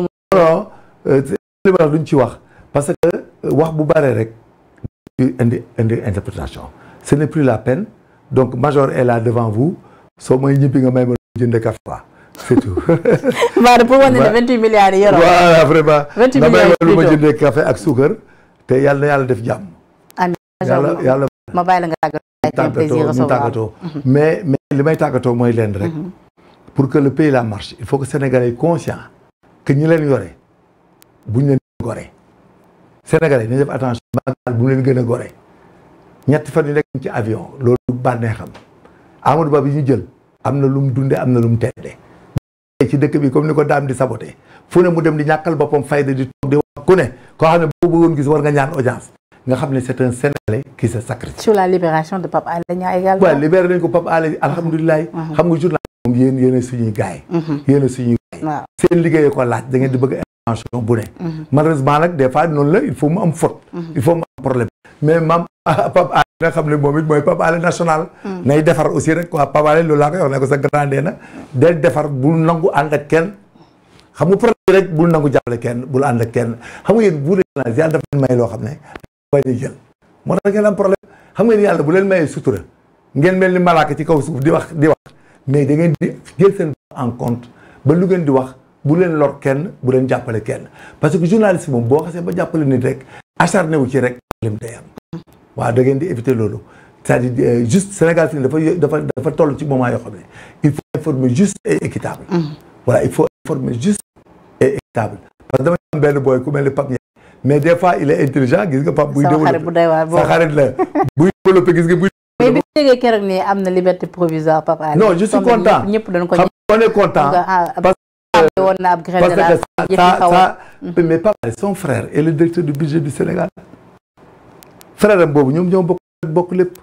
mu duñ euh, ci wax parce que euh, wax bu bare rek indi indi interprétation ce n'est plus la peine donc major est là devant vous soo may ñibbi nga may ma jënd café c'est tout. maanaam pour wane ne 28 milliards yi yoroo. voilà vraiment. 28 milliards yi lu ma jëndee café ak suukar te yàlla yàlla def jàmm. amiin yàlla yàlla. ma bàyyi la nga tàggatoo mhm. li may tàggatoo mooy leen rek. Mhm. pour que le pays la marche il faut que Sénégalais yi conscient que leen yore buñ leen gore. Sénégalais nañ def attention magal bu leen gën a gore ñetti fan yi nekk ci avion loolu bànneexam Amadou Ba bi ñu jël am na lu mu dundee am na lu mu teddee ci dëkk bi comme ni ko daam di saboté fu ne mu dem di ñàkkal boppam fayda di toog di wax ku ne koo xam ne boo bëggoon gis war nga ñaan audience nga xam ne c'est un Sénégalais qui se sacrifie sur la libération de Pape Alé Niang également waaw libéré nañ ko Pape Alé alhamdulilah mhm. xam nga journal moom yéen yéen suñuy gaay mhm. gaay seen liggéey ko laaj da di bëgg information bu ne mhm. malheureusement nag des noonu la il faut mu am faute il faut mu am problème mais nga xam ne moom it mooy Pape Alé mm. nay defar aussi rek quoi Pape Alé loolu laa koy wax ne ko sa grandé na. del defar bul nangu ànd ak kenn xam nga projet rek bul nangu jàppale kenn bul ànd kenn xam nga yéen bu dee yàlla dafa xam ne dafa moo tax ngeen am problème xam ngeen yàlla bu leen mayee sutura ngeen mel ni malaaka ci kaw suuf di wax di wax mais da ngeen di jël en compte ba lu ngeen di wax bu leen lor kenn bu leen jàppale kenn parce que journaliste moom boo xasee ba jàppale nit rek acharné wu ci rek problème day am waaw da ngeen di éviter loolu c'est-à-dire euh, juste Sénégal fi dafa dafa dafa toll ci moment yoo xam ne il faut informer juste et équitable. Mm. voilà il faut informer juste équitable parce que dama am ku mel ni Pape mais des fois il est intelligent gis nga Pape. buy développé sa xarit la buy développé gis nga buy. mais bi ñu déggee keroog nii am na liberté provisoire Pape Alé. non je suis content ñëpp dañ ko ñëpp on est content parce que. Ah, parce que ça ça mm-hmm. mais Pape Alé son frère est le directeur du budget du Sénégal. frère am boobu ñoom ñoo bokk bokk lépp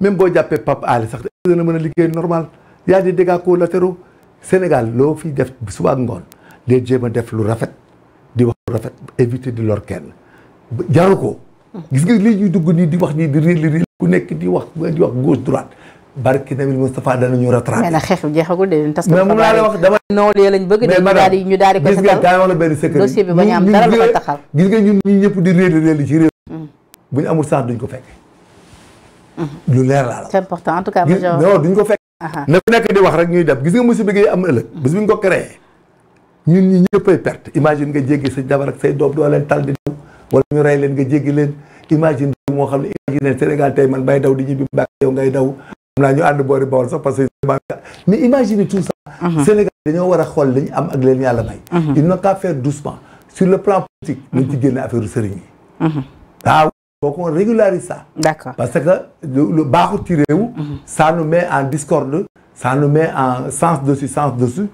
même boo jàppee Pape Ali sax dana mën a liggéey normal y a des dégâts Sénégal loo fi def suba ak ngoon day jéem a def lu rafet di wax lu rafet éviter di lor kenn jaru ko. gis nga lii dugg nii di wax nii di réel réel ku nekk di wax di wax gauche droite barki Nabil Moustapha danañu rattrapé. mais xeex bi jeexagul de ñu tas ko. mais mun naa la wax dama. noonu yooyu lañ bëgg. mais maanaam gis nga daa wax la benn secret dossier bi ba dara lu ko taxal. gis nga ñun ñii ñëpp di réel réel ci réew bu ñu amul sens duñ ko fekk. Mhm. lu leer la. c'est important en ko fekk. na ku nekk di wax rek ñuy def gis nga am ëllëg. bis bu ñu ko créé ñun ñi ñëppay perte imagine nga jéggi sa jabar ak doo leen tal di ñu rey leen nga jéggi leen imagine moo xam ne imagine Sénégal tey man bay daw di ñibbi mbaa yow ngay daw. xam naa ñu ànd boori bool sax parce que mais imagine tout ça. Mhm. Sénégal dañoo war a xool li am ak leen yàlla may. Mhm. il n'a qu'à faire doucement sur le plan politique. nañ ci génne affaire sëriñ yi. faut qu'on régularise ça. D'accord. Parce que le, le baaxu ci réew mm-hmm. ça nous met en discorde ça nous met en sens dessus sens dessus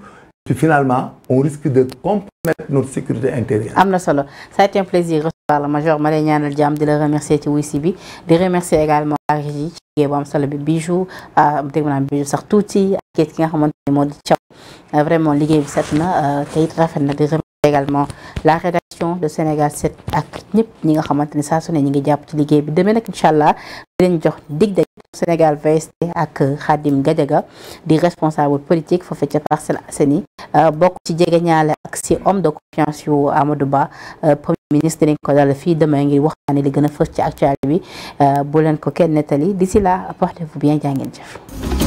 finalement on risque de compromettre notre sécurité intérieure. am na solo sa a été plaisir recevoir le major ma lay ñaanal jàmm di la remercier ci wuy si bi di remercier également waa régie ci liggéey bu am solo bi bijou ah, dégg naa bijou ki nga xamante ne moo di ah, vraiment liggéey bi set na ah, te it na di remercier également. la rédaction de Sénégal 7 ak ñëpp ñi nga xamante ne saa su ne ñi ngi jàpp ci liggéey bi demee nag incha allah di jox dig daje Sénégal VST ak Khadim Gadiaga di responsable politique foofu ca Parcelles Assainies euh, bokk ci jege ñaale ak si homme de confiance yu Amadou Ba euh, premier ministre dañ ko dal fii demain ngir waxtaane li gën a fës ci actualité bi euh, bu leen ko kenn nettali d'ici là portez-vous bien jaa ngeen